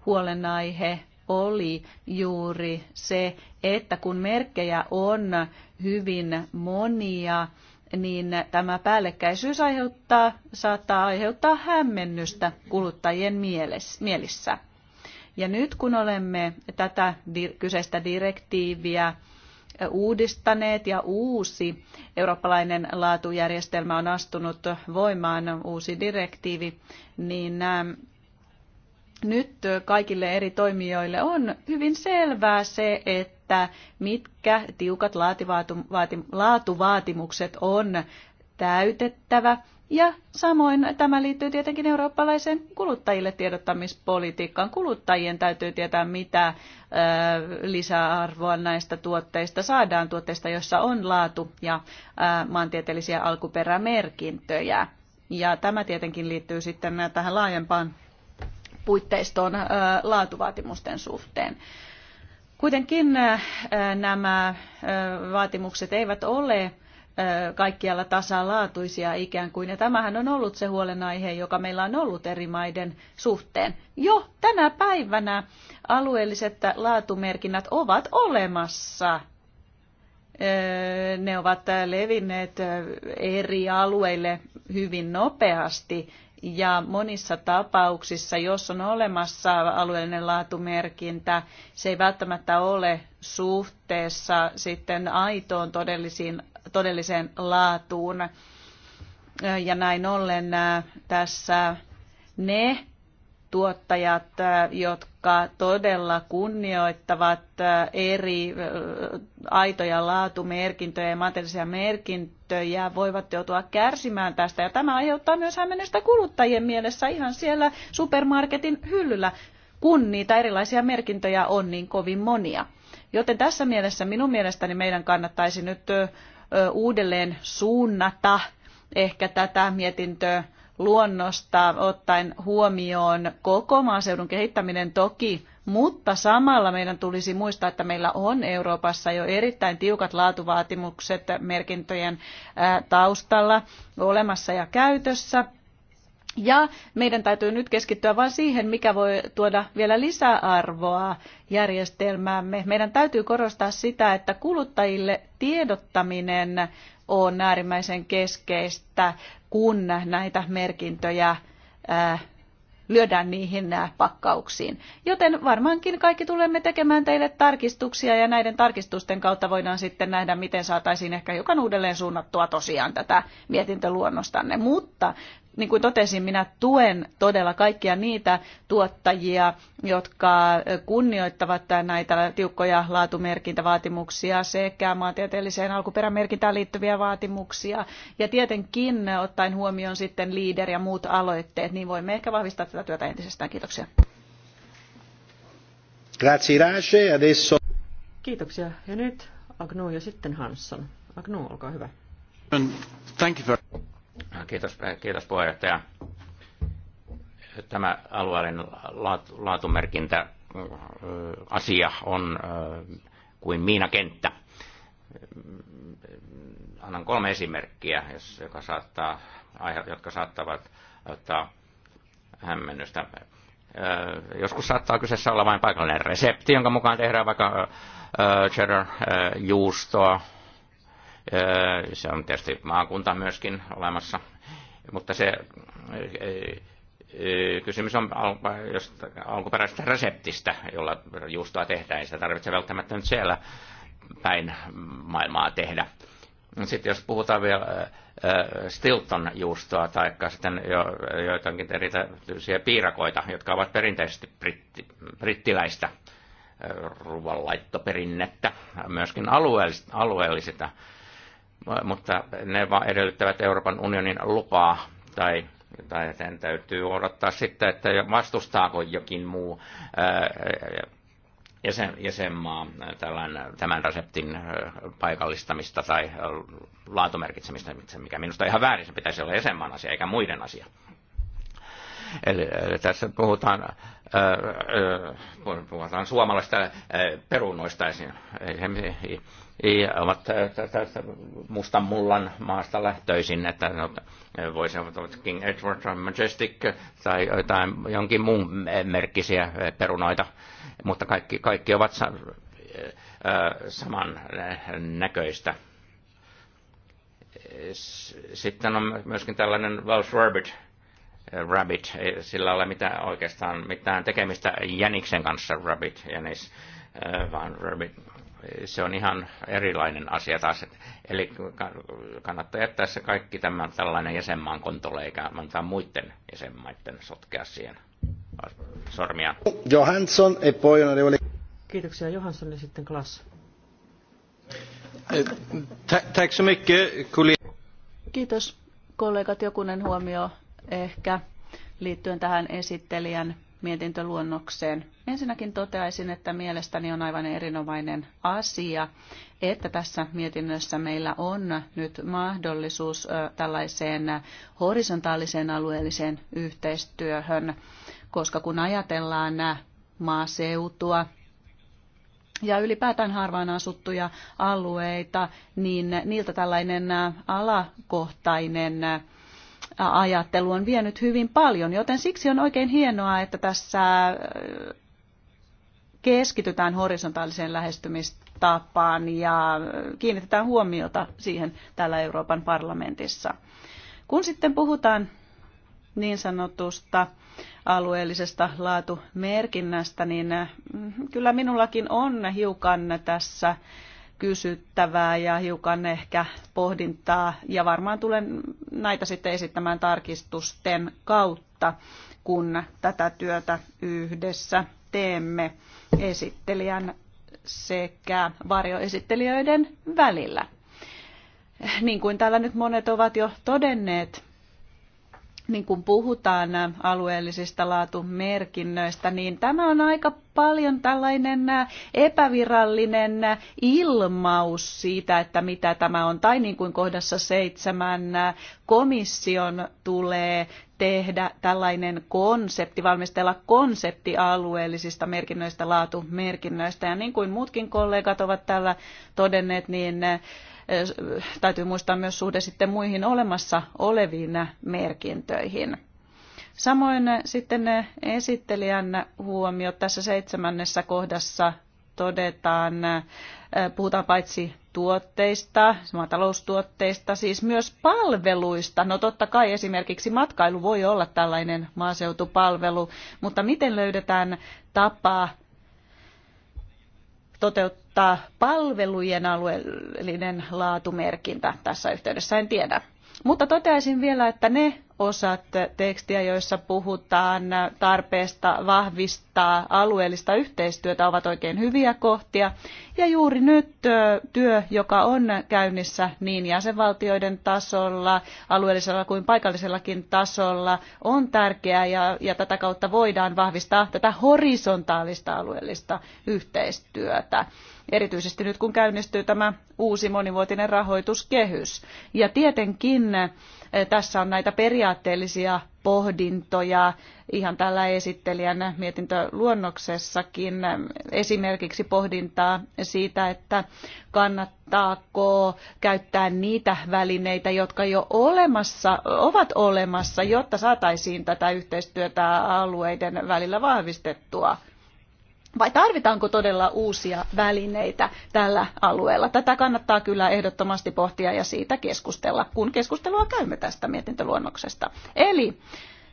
huolenaihe oli juuri se, että kun merkkejä on hyvin monia, niin tämä päällekkäisyys aiheuttaa, saattaa aiheuttaa hämmennystä kuluttajien mielissä. Ja nyt kun olemme tätä kyseistä direktiiviä uudistaneet ja uusi eurooppalainen laatujärjestelmä on astunut voimaan, uusi direktiivi, niin nyt kaikille eri toimijoille on hyvin selvää se, että mitkä tiukat laatuvaatimukset on täytettävä. Ja samoin tämä liittyy tietenkin eurooppalaiseen kuluttajille tiedottamispolitiikkaan. Kuluttajien täytyy tietää, mitä lisäarvoa näistä tuotteista saadaan, tuotteista, joissa on laatu ja maantieteellisiä alkuperämerkintöjä. Ja tämä tietenkin liittyy sitten tähän laajempaan puitteistoon laatuvaatimusten suhteen. Kuitenkin nämä vaatimukset eivät ole kaikkialla tasalaatuisia ikään kuin. Ja tämähän on ollut se huolenaihe, joka meillä on ollut eri maiden suhteen. Jo tänä päivänä alueelliset laatumerkinnät ovat olemassa. Ne ovat levinneet eri alueille hyvin nopeasti ja monissa tapauksissa, jos on olemassa alueellinen laatumerkintä, se ei välttämättä ole suhteessa sitten aitoon todellisiin, todelliseen laatuun. Ja näin ollen äh, tässä ne tuottajat, äh, jotka jotka todella kunnioittavat äh, eri äh, aitoja laatumerkintöjä ja materiaalisia merkintöjä, voivat joutua kärsimään tästä. Ja tämä aiheuttaa myös hämmennystä kuluttajien mielessä ihan siellä supermarketin hyllyllä, kun niitä erilaisia merkintöjä on niin kovin monia. Joten tässä mielessä minun mielestäni meidän kannattaisi nyt uudelleen suunnata ehkä tätä mietintöä luonnosta ottaen huomioon koko maaseudun kehittäminen toki, mutta samalla meidän tulisi muistaa, että meillä on Euroopassa jo erittäin tiukat laatuvaatimukset merkintöjen taustalla olemassa ja käytössä. Ja meidän täytyy nyt keskittyä vain siihen, mikä voi tuoda vielä lisäarvoa järjestelmäämme. Meidän täytyy korostaa sitä, että kuluttajille tiedottaminen on äärimmäisen keskeistä, kun näitä merkintöjä lyödään niihin pakkauksiin. Joten varmaankin kaikki tulemme tekemään teille tarkistuksia ja näiden tarkistusten kautta voidaan sitten nähdä, miten saataisiin ehkä hiukan uudelleen suunnattua tosiaan tätä mietintöluonnostanne. Mutta niin kuin totesin, minä tuen todella kaikkia niitä tuottajia, jotka kunnioittavat näitä tiukkoja laatumerkintävaatimuksia sekä maantieteelliseen alkuperämerkintään liittyviä vaatimuksia. Ja tietenkin ottaen huomioon sitten Leader ja muut aloitteet, niin voimme ehkä vahvistaa tätä työtä entisestään. Kiitoksia. Grazie, Adesso... Kiitoksia. Ja nyt Agnu ja sitten Hansson. Agnu, olkaa hyvä. Thank you very... Kiitos, kiitos puheenjohtaja. Tämä alueellinen laatumerkintä äh, asia on äh, kuin miinakenttä. Annan kolme esimerkkiä, jos, joka saattaa, jotka saattavat ottaa hämmennystä. Äh, joskus saattaa kyseessä olla vain paikallinen resepti, jonka mukaan tehdään vaikka cheddar-juustoa se on tietysti maakunta myöskin olemassa, mutta se kysymys on alkuperäisestä reseptistä, jolla juustoa tehdään. Ei sitä tarvitse välttämättä nyt siellä päin maailmaa tehdä. Sitten jos puhutaan vielä Stilton juustoa tai sitten jo, joitakin erityisiä piirakoita, jotka ovat perinteisesti britti, brittiläistä ruoanlaittoperinnettä, myöskin alueellista. alueellisista mutta ne edellyttävät Euroopan unionin lupaa tai tai sen täytyy odottaa sitten, että vastustaako jokin muu jäsen, jäsenmaa tällän, tämän reseptin paikallistamista tai laatumerkitsemistä, mikä minusta ihan väärin, se pitäisi olla jäsenmaan asia eikä muiden asia. Eli, eli tässä puhutaan, öö, puhutaan suomalaisista perunoista esiin ja ovat tästä mustan mullan maasta lähtöisin, että no, voisi olla King Edward tai Majestic tai jotain, jonkin muun merkkisiä perunoita, mutta kaikki, kaikki ovat sa- saman näköistä. Sitten on myöskin tällainen Welsh Rabbit, Rabbit. sillä ei ole mitään, oikeastaan mitään tekemistä jäniksen kanssa, Rabbit, jänis, vaan Rabbit se on ihan erilainen asia taas. Eli kannattaa jättää se kaikki tämän tällainen jäsenmaan kontolle, eikä antaa muiden jäsenmaiden sotkea siihen sormia. Johansson e poi oli... Kiitoksia Johansson ja sitten Klas. Eh, tack så mycket, Kiitos kollegat. Jokunen huomio ehkä liittyen tähän esittelijän mietintöluonnokseen. Ensinnäkin toteaisin, että mielestäni on aivan erinomainen asia, että tässä mietinnössä meillä on nyt mahdollisuus tällaiseen horisontaaliseen alueelliseen yhteistyöhön, koska kun ajatellaan maaseutua, ja ylipäätään harvaan asuttuja alueita, niin niiltä tällainen alakohtainen ajattelu on vienyt hyvin paljon, joten siksi on oikein hienoa, että tässä äh, keskitytään horisontaaliseen lähestymistapaan ja äh, kiinnitetään huomiota siihen täällä Euroopan parlamentissa. Kun sitten puhutaan niin sanotusta alueellisesta laatumerkinnästä, niin äh, kyllä minullakin on hiukan tässä kysyttävää ja hiukan ehkä pohdintaa. Ja varmaan tulen näitä sitten esittämään tarkistusten kautta, kun tätä työtä yhdessä teemme esittelijän sekä varjoesittelijöiden välillä. Niin kuin täällä nyt monet ovat jo todenneet, niin kun puhutaan alueellisista laatumerkinnöistä, niin tämä on aika paljon tällainen epävirallinen ilmaus siitä, että mitä tämä on. Tai niin kuin kohdassa seitsemän komission tulee tehdä tällainen konsepti, valmistella konsepti alueellisista merkinnöistä, laatumerkinnöistä. Ja niin kuin muutkin kollegat ovat täällä todenneet, niin täytyy muistaa myös suhde sitten muihin olemassa oleviin merkintöihin. Samoin sitten esittelijän huomio tässä seitsemännessä kohdassa todetaan, puhutaan paitsi tuotteista, maataloustuotteista, siis myös palveluista. No totta kai esimerkiksi matkailu voi olla tällainen maaseutupalvelu, mutta miten löydetään tapa toteuttaa mutta palvelujen alueellinen laatumerkintä tässä yhteydessä, en tiedä. Mutta toteaisin vielä, että ne osat tekstiä, joissa puhutaan tarpeesta vahvistaa alueellista yhteistyötä, ovat oikein hyviä kohtia. Ja juuri nyt työ, joka on käynnissä niin jäsenvaltioiden tasolla, alueellisella kuin paikallisellakin tasolla, on tärkeää ja, ja tätä kautta voidaan vahvistaa tätä horisontaalista alueellista yhteistyötä erityisesti nyt kun käynnistyy tämä uusi monivuotinen rahoituskehys. Ja tietenkin eh, tässä on näitä periaatteellisia pohdintoja ihan tällä esittelijän mietintöluonnoksessakin esimerkiksi pohdintaa siitä, että kannattaako käyttää niitä välineitä, jotka jo olemassa, ovat olemassa, jotta saataisiin tätä yhteistyötä alueiden välillä vahvistettua vai tarvitaanko todella uusia välineitä tällä alueella? Tätä kannattaa kyllä ehdottomasti pohtia ja siitä keskustella, kun keskustelua käymme tästä mietintöluonnoksesta. Eli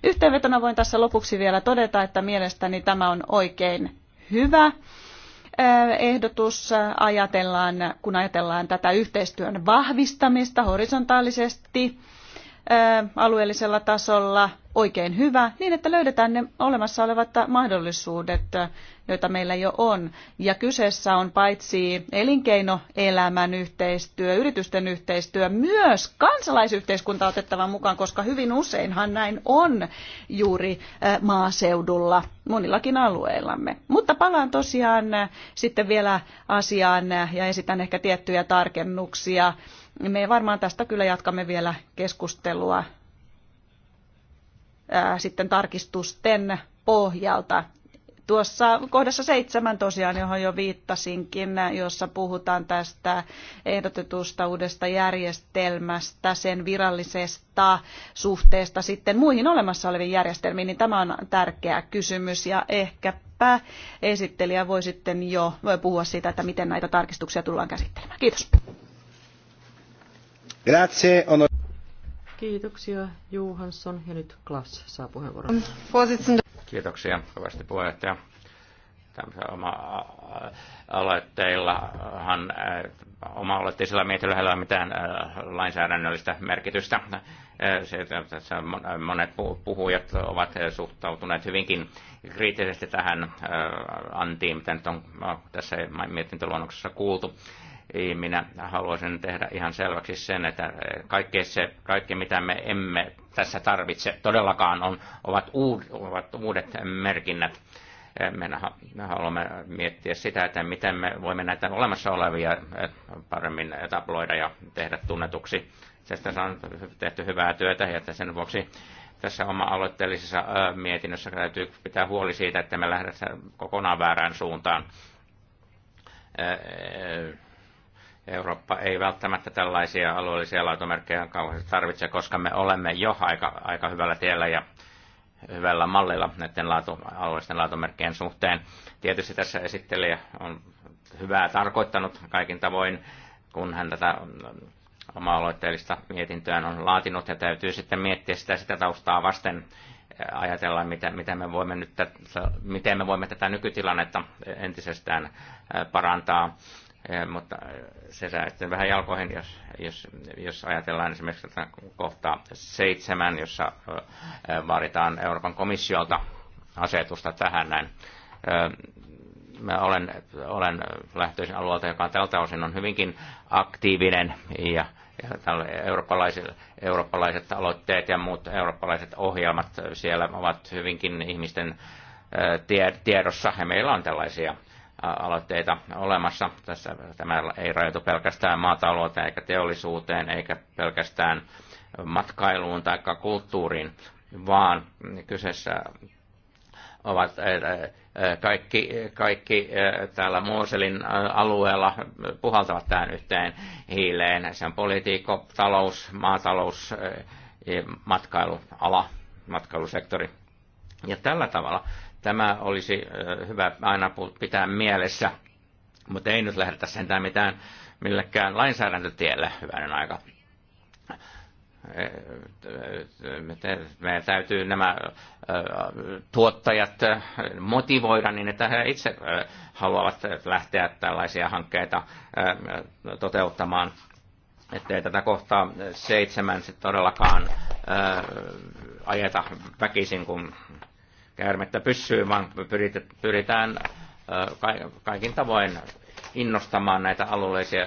yhteenvetona voin tässä lopuksi vielä todeta, että mielestäni tämä on oikein hyvä ehdotus ajatellaan, kun ajatellaan tätä yhteistyön vahvistamista horisontaalisesti alueellisella tasolla oikein hyvä, niin että löydetään ne olemassa olevat mahdollisuudet, joita meillä jo on. Ja kyseessä on paitsi elinkeinoelämän yhteistyö, yritysten yhteistyö, myös kansalaisyhteiskunta otettava mukaan, koska hyvin useinhan näin on juuri äh, maaseudulla monillakin alueillamme. Mutta palaan tosiaan äh, sitten vielä asiaan äh, ja esitän ehkä tiettyjä tarkennuksia. Me varmaan tästä kyllä jatkamme vielä keskustelua sitten tarkistusten pohjalta. Tuossa kohdassa seitsemän tosiaan, johon jo viittasinkin, jossa puhutaan tästä ehdotetusta uudesta järjestelmästä, sen virallisesta suhteesta sitten muihin olemassa oleviin järjestelmiin, niin tämä on tärkeä kysymys ja ehkäpä esittelijä voi sitten jo voi puhua siitä, että miten näitä tarkistuksia tullaan käsittelemään. Kiitos. Grazie. Kiitoksia Johansson ja nyt Klas saa puheenvuoron. Kiitoksia kovasti puheenjohtaja. Tämmöisellä oma aloitteillahan, oma aloitteisella mietillä ei ole mitään lainsäädännöllistä merkitystä. Monet puhujat ovat suhtautuneet hyvinkin kriittisesti tähän antiin, mitä nyt on tässä mietintöluonnoksessa kuultu minä haluaisin tehdä ihan selväksi sen, että kaikki, se, kaikki mitä me emme tässä tarvitse todellakaan on, ovat, uud, ovat uudet merkinnät. Me, me haluamme miettiä sitä, että miten me voimme näitä olemassa olevia eh, paremmin etabloida ja tehdä tunnetuksi. Tästä on tehty hyvää työtä ja sen vuoksi tässä oma-aloitteellisessa eh, mietinnössä täytyy pitää huoli siitä, että me lähdetään kokonaan väärään suuntaan eh, Eurooppa ei välttämättä tällaisia alueellisia laitomerkkejä kauheasti tarvitse, koska me olemme jo aika, aika hyvällä tiellä ja hyvällä mallilla näiden laatu, alueellisten laatumerkkien suhteen. Tietysti tässä esittelijä on hyvää tarkoittanut kaikin tavoin, kun hän tätä oma-aloitteellista mietintöään on laatinut ja täytyy sitten miettiä sitä, sitä taustaa vasten ajatella, mitä, mitä me voimme nyt, miten me voimme tätä nykytilannetta entisestään parantaa mutta äh, se saa sitten vähän jalkoihin, jos, jos, jos ajatellaan esimerkiksi tätä kohtaa seitsemän, jossa vaaditaan Euroopan komissiolta asetusta tähän näin. Mä olen, olen lähtöisin alueelta, joka tältä osin on hyvinkin aktiivinen ja, ja eurooppalaiset, eurooppalaiset aloitteet ja muut eurooppalaiset ohjelmat siellä ovat hyvinkin ihmisten tiedossa ja meillä on tällaisia aloitteita olemassa. Tässä, tämä ei rajoitu pelkästään maatalouteen eikä teollisuuteen eikä pelkästään matkailuun tai kulttuuriin, vaan kyseessä ovat kaikki, kaikki täällä Mooselin alueella puhaltavat tähän yhteen hiileen. Se on politiikko, talous, maatalous, matkailuala, matkailusektori. Ja tällä tavalla Tämä olisi hyvä aina pitää mielessä, mutta ei nyt lähdetä sentään mitään millekään lainsäädäntötielle hyvänen aika. Me täytyy nämä tuottajat motivoida niin, että he itse haluavat lähteä tällaisia hankkeita toteuttamaan ettei tätä kohtaa seitsemän sit todellakaan ajeta väkisin, kun käärmettä pyssyyn, vaan pyritään kaikin tavoin innostamaan näitä alueellisia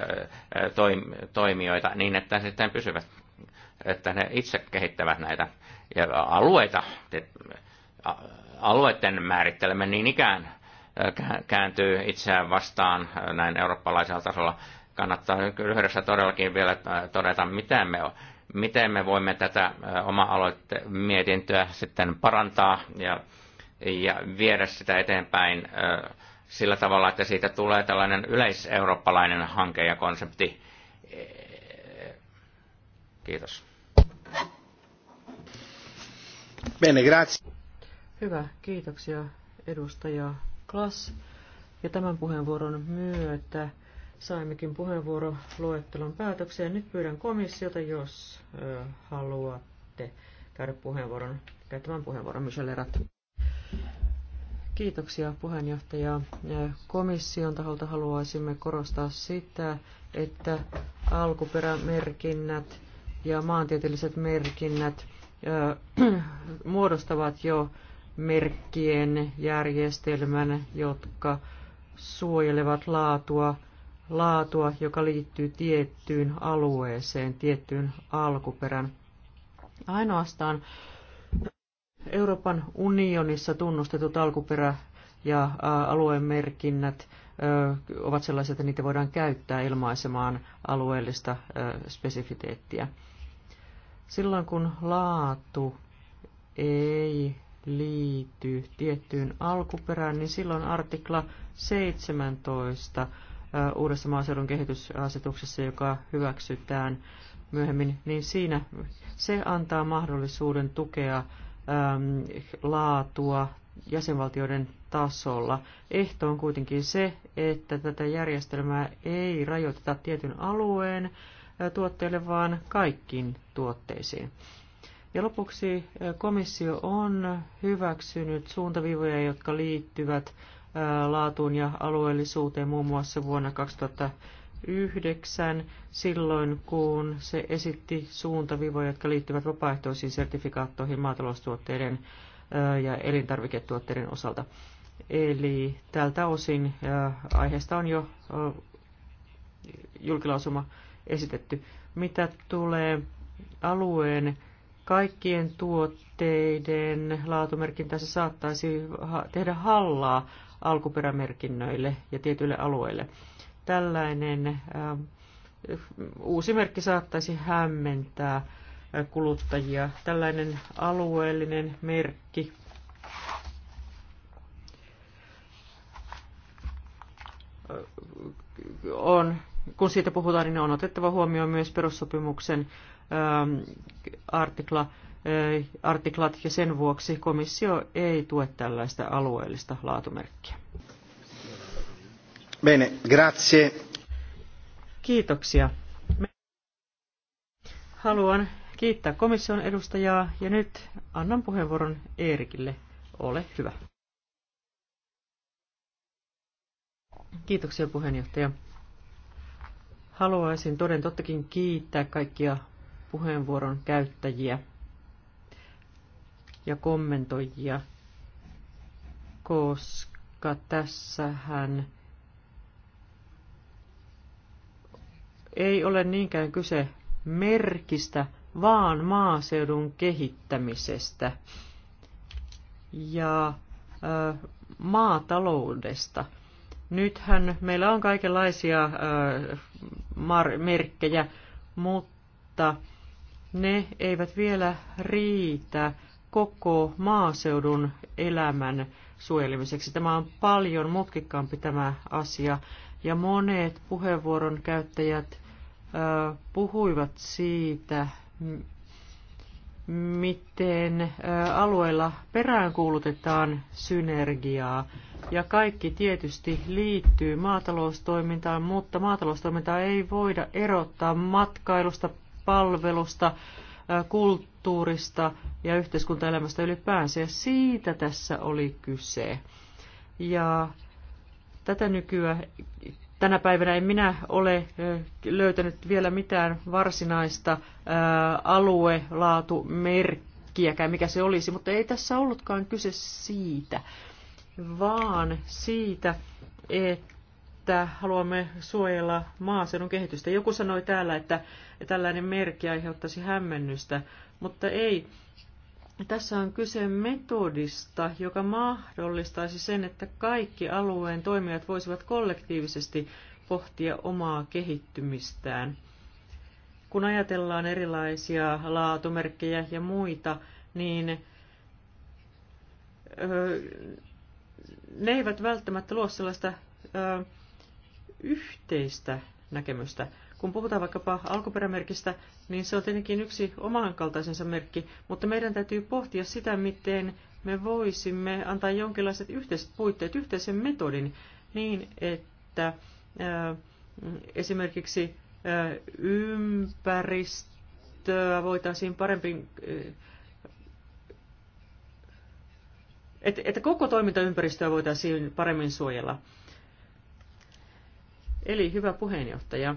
toimijoita niin, että sitten pysyvät, että ne itse kehittävät näitä alueita. Alueiden määrittelemme niin ikään kääntyy itseään vastaan näin eurooppalaisella tasolla. Kannattaa yhdessä todellakin vielä todeta, mitä me miten me voimme tätä oma mietintöä sitten parantaa ja, ja viedä sitä eteenpäin sillä tavalla, että siitä tulee tällainen yleiseurooppalainen hanke ja konsepti. Kiitos. Bene, grazie. Hyvä, kiitoksia edustaja Klas. Ja tämän puheenvuoron myötä Saimmekin puheenvuoroluettelon päätökseen. Nyt pyydän komissiota, jos ö, haluatte käydä puheenvuoron, käyttämään puheenvuoron Michelle Rat. Kiitoksia puheenjohtaja. Komission taholta haluaisimme korostaa sitä, että alkuperämerkinnät ja maantieteelliset merkinnät muodostavat jo merkkien järjestelmän, jotka suojelevat laatua laatua, joka liittyy tiettyyn alueeseen, tiettyyn alkuperän. Ainoastaan Euroopan unionissa tunnustetut alkuperä- ja alueen merkinnät ovat sellaisia, että niitä voidaan käyttää ilmaisemaan alueellista spesifiteettiä. Silloin kun laatu ei liity tiettyyn alkuperään, niin silloin artikla 17 uudessa maaseudun kehitysasetuksessa, joka hyväksytään myöhemmin, niin siinä se antaa mahdollisuuden tukea laatua jäsenvaltioiden tasolla. Ehto on kuitenkin se, että tätä järjestelmää ei rajoiteta tietyn alueen tuotteille, vaan kaikkiin tuotteisiin. Ja lopuksi komissio on hyväksynyt suuntaviivoja, jotka liittyvät laatuun ja alueellisuuteen muun muassa vuonna 2009, silloin kun se esitti suuntavivoja, jotka liittyvät vapaaehtoisiin sertifikaattoihin maataloustuotteiden ja elintarviketuotteiden osalta. Eli tältä osin aiheesta on jo julkilausuma esitetty. Mitä tulee alueen kaikkien tuotteiden laatumerkintä se saattaisi tehdä hallaa alkuperämerkinnöille ja tietyille alueille. Tällainen äh, uusi merkki saattaisi hämmentää äh, kuluttajia. Tällainen alueellinen merkki äh, on, kun siitä puhutaan, niin on otettava huomioon myös perussopimuksen ähm, artikla artiklat ja sen vuoksi komissio ei tue tällaista alueellista laatumerkkiä. Bene, grazie. Kiitoksia. Haluan kiittää komission edustajaa ja nyt annan puheenvuoron Eerikille. Ole hyvä. Kiitoksia puheenjohtaja. Haluaisin toden tottakin kiittää kaikkia puheenvuoron käyttäjiä ja kommentoijia, koska tässähän ei ole niinkään kyse merkistä, vaan maaseudun kehittämisestä ja ö, maataloudesta. Nythän meillä on kaikenlaisia ö, mar- merkkejä, mutta ne eivät vielä riitä koko maaseudun elämän suojelemiseksi. Tämä on paljon mutkikkaampi tämä asia ja monet puheenvuoron käyttäjät ö, puhuivat siitä, miten ö, alueella peräänkuulutetaan synergiaa. Ja kaikki tietysti liittyy maataloustoimintaan, mutta maataloustoimintaa ei voida erottaa matkailusta, palvelusta, kulttuurista ja yhteiskuntaelämästä ylipäänsä. Ja siitä tässä oli kyse. Ja tätä nykyä, tänä päivänä en minä ole löytänyt vielä mitään varsinaista aluelaatumerkkiäkään, mikä se olisi, mutta ei tässä ollutkaan kyse siitä, vaan siitä, että että haluamme suojella maaseudun kehitystä. Joku sanoi täällä, että tällainen merkki aiheuttaisi hämmennystä, mutta ei. Tässä on kyse metodista, joka mahdollistaisi sen, että kaikki alueen toimijat voisivat kollektiivisesti pohtia omaa kehittymistään. Kun ajatellaan erilaisia laatumerkkejä ja muita, niin ne eivät välttämättä luo sellaista yhteistä näkemystä. Kun puhutaan vaikkapa alkuperämerkistä, niin se on tietenkin yksi oman kaltaisensa merkki, mutta meidän täytyy pohtia sitä, miten me voisimme antaa jonkinlaiset yhteiset puitteet, yhteisen metodin, niin että ää, äh, esimerkiksi ää, äh, ympäristöä voitaisiin paremmin... Äh, että, että koko toimintaympäristöä voitaisiin paremmin suojella. Eli hyvä puheenjohtaja,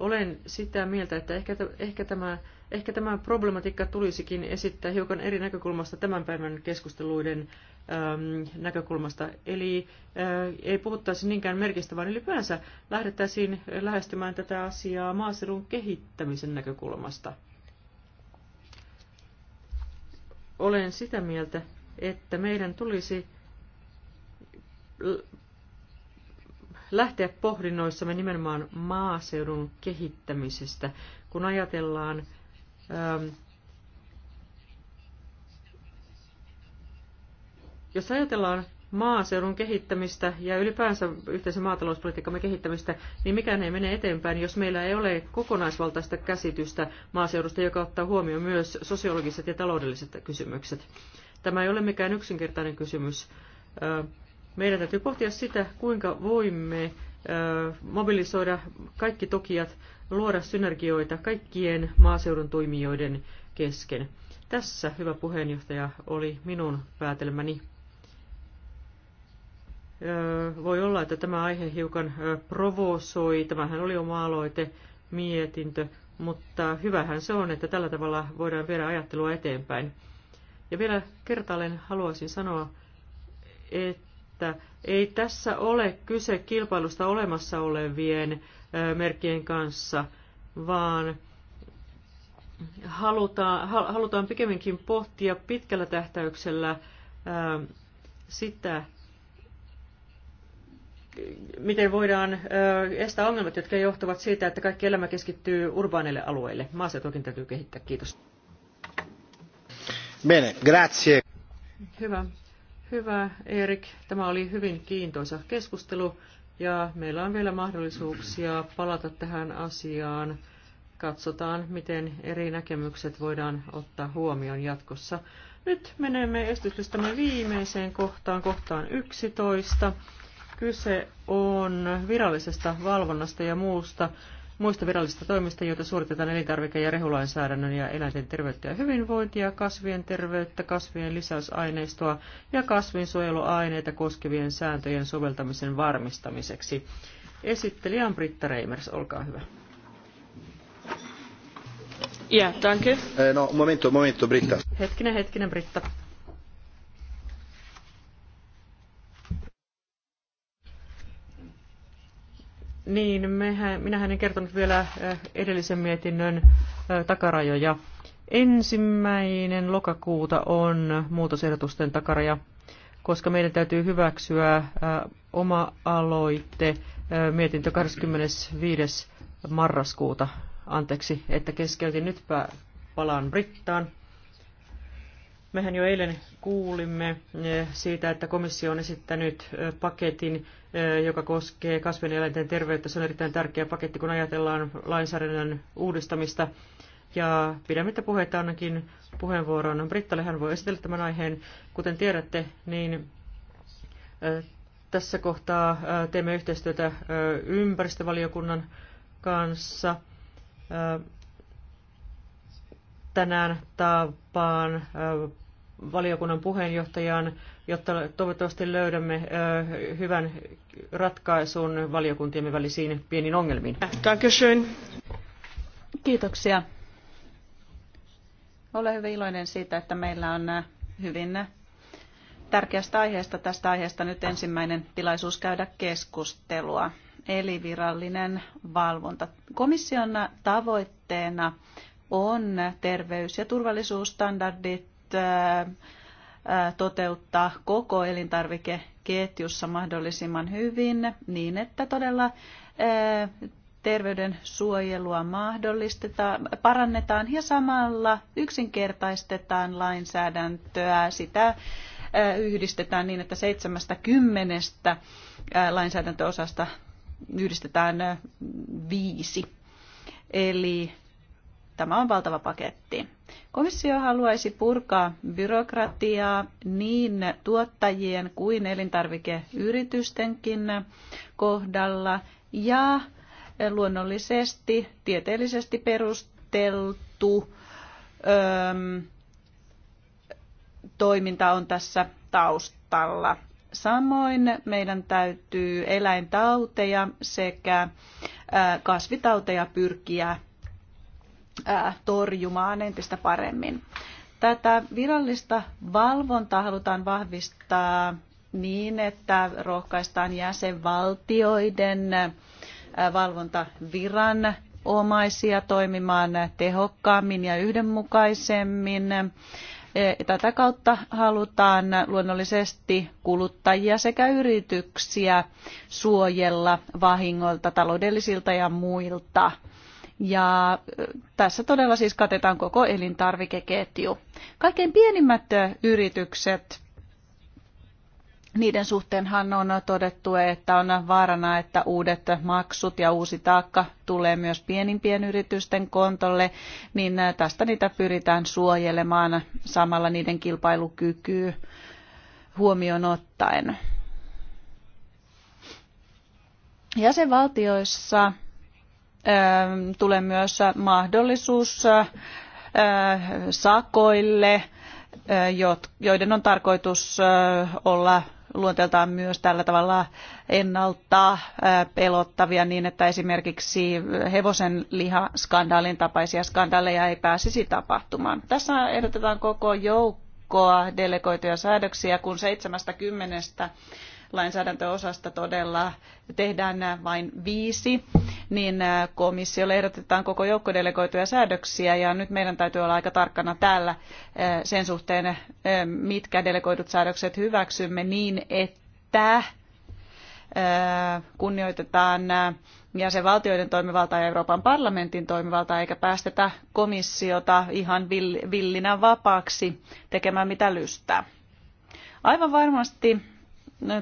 olen sitä mieltä, että ehkä, ehkä tämä Ehkä tämä problematiikka tulisikin esittää hiukan eri näkökulmasta tämän päivän keskusteluiden äm, näkökulmasta. Eli ä, ei puhuttaisi niinkään merkistä, vaan ylipäänsä lähdettäisiin lähestymään tätä asiaa maaseudun kehittämisen näkökulmasta. Olen sitä mieltä, että meidän tulisi lähteä pohdinnoissamme nimenomaan maaseudun kehittämisestä, kun ajatellaan ähm, jos ajatellaan maaseudun kehittämistä ja ylipäänsä yhteisen maatalouspolitiikkamme kehittämistä, niin mikään ei mene eteenpäin, jos meillä ei ole kokonaisvaltaista käsitystä maaseudusta, joka ottaa huomioon myös sosiologiset ja taloudelliset kysymykset. Tämä ei ole mikään yksinkertainen kysymys. Äh, meidän täytyy pohtia sitä, kuinka voimme mobilisoida kaikki tokijat, luoda synergioita kaikkien maaseudun toimijoiden kesken. Tässä, hyvä puheenjohtaja, oli minun päätelmäni. Voi olla, että tämä aihe hiukan provosoi. Tämähän oli oma aloite, mietintö, mutta hyvähän se on, että tällä tavalla voidaan viedä ajattelua eteenpäin. Ja vielä kertaalleen haluaisin sanoa, että että ei tässä ole kyse kilpailusta olemassa olevien merkkien kanssa, vaan halutaan, halutaan pikemminkin pohtia pitkällä tähtäyksellä sitä, miten voidaan estää ongelmat, jotka johtuvat siitä, että kaikki elämä keskittyy urbaaneille alueille. Maaseutuakin täytyy kehittää. Kiitos. Bene, grazie. Hyvä. Hyvä Erik, tämä oli hyvin kiintoisa keskustelu ja meillä on vielä mahdollisuuksia palata tähän asiaan. Katsotaan, miten eri näkemykset voidaan ottaa huomioon jatkossa. Nyt menemme esityksestämme viimeiseen kohtaan, kohtaan 11. Kyse on virallisesta valvonnasta ja muusta muista virallisista toimista, joita suoritetaan elintarvike- ja rehulainsäädännön ja eläinten terveyttä ja hyvinvointia, kasvien terveyttä, kasvien lisäysaineistoa ja kasvinsuojeluaineita koskevien sääntöjen soveltamisen varmistamiseksi. Esittelijä on Britta Reimers, olkaa hyvä. yeah, danke. Eh, no, momento, momento, Britta. Hetkinen, hetkinen, Britta. Niin, mehän, minähän en kertonut vielä äh, edellisen mietinnön äh, takarajoja. Ensimmäinen lokakuuta on muutosehdotusten takaraja, koska meidän täytyy hyväksyä äh, oma aloitte mietintö 25. marraskuuta. Anteeksi, että keskeytin. Nyt palaan Brittaan. Mehän jo eilen kuulimme eh, siitä, että komissio on esittänyt eh, paketin, eh, joka koskee kasvieläinten terveyttä. Se on erittäin tärkeä paketti, kun ajatellaan lainsäädännön uudistamista. Ja pidämättä puheita ainakin puheenvuoron Brittalle. Hän voi esitellä tämän aiheen. Kuten tiedätte, niin tässä kohtaa teemme yhteistyötä ympäristövaliokunnan kanssa tänään tapaan valiokunnan puheenjohtajan, jotta toivottavasti löydämme hyvän ratkaisun valiokuntiemme välisiin pieniin ongelmiin. Dankeschön. Kiitoksia. Olen hyvin iloinen siitä, että meillä on hyvin tärkeästä aiheesta, tästä aiheesta nyt ensimmäinen tilaisuus käydä keskustelua, eli virallinen valvonta. Komission tavoitteena on terveys- ja turvallisuusstandardit toteuttaa koko elintarvikeketjussa mahdollisimman hyvin niin, että todella terveyden suojelua mahdollistetaan, parannetaan ja samalla yksinkertaistetaan lainsäädäntöä. Sitä yhdistetään niin, että seitsemästä kymmenestä lainsäädäntöosasta yhdistetään viisi. Eli Tämä on valtava paketti. Komissio haluaisi purkaa byrokratiaa niin tuottajien kuin elintarvikeyritystenkin kohdalla ja luonnollisesti tieteellisesti perusteltu öö, toiminta on tässä taustalla. Samoin meidän täytyy eläintauteja sekä kasvitauteja pyrkiä torjumaan entistä paremmin. Tätä virallista valvontaa halutaan vahvistaa niin, että rohkaistaan jäsenvaltioiden valvontaviran omaisia toimimaan tehokkaammin ja yhdenmukaisemmin. E, tätä kautta halutaan luonnollisesti kuluttajia sekä yrityksiä suojella vahingolta taloudellisilta ja muilta ja tässä todella siis katetaan koko elintarvikeketju. Kaikkein pienimmät yritykset, niiden suhteenhan on todettu, että on vaarana, että uudet maksut ja uusi taakka tulee myös pienimpien yritysten kontolle, niin tästä niitä pyritään suojelemaan samalla niiden kilpailukykyä huomioon ottaen. Jäsenvaltioissa Ähm, tulee myös äh, mahdollisuus äh, sakoille, äh, joiden on tarkoitus olla luonteeltaan myös tällä tavalla ennalta pelottavia niin, että esimerkiksi hevosen lihaskandaalin tapaisia skandaaleja ei pääsisi tapahtumaan. Tässä ehdotetaan koko joukkoa delegoituja säädöksiä, kun 70 lainsäädäntöosasta todella tehdään vain viisi, niin komissiolle ehdotetaan koko joukko delegoituja säädöksiä ja nyt meidän täytyy olla aika tarkkana täällä eh, sen suhteen, eh, mitkä delegoidut säädökset hyväksymme niin, että eh, kunnioitetaan jäsenvaltioiden toimivaltaa ja Euroopan parlamentin toimivaltaa, eikä päästetä komissiota ihan villinä vapaaksi tekemään mitä lystää. Aivan varmasti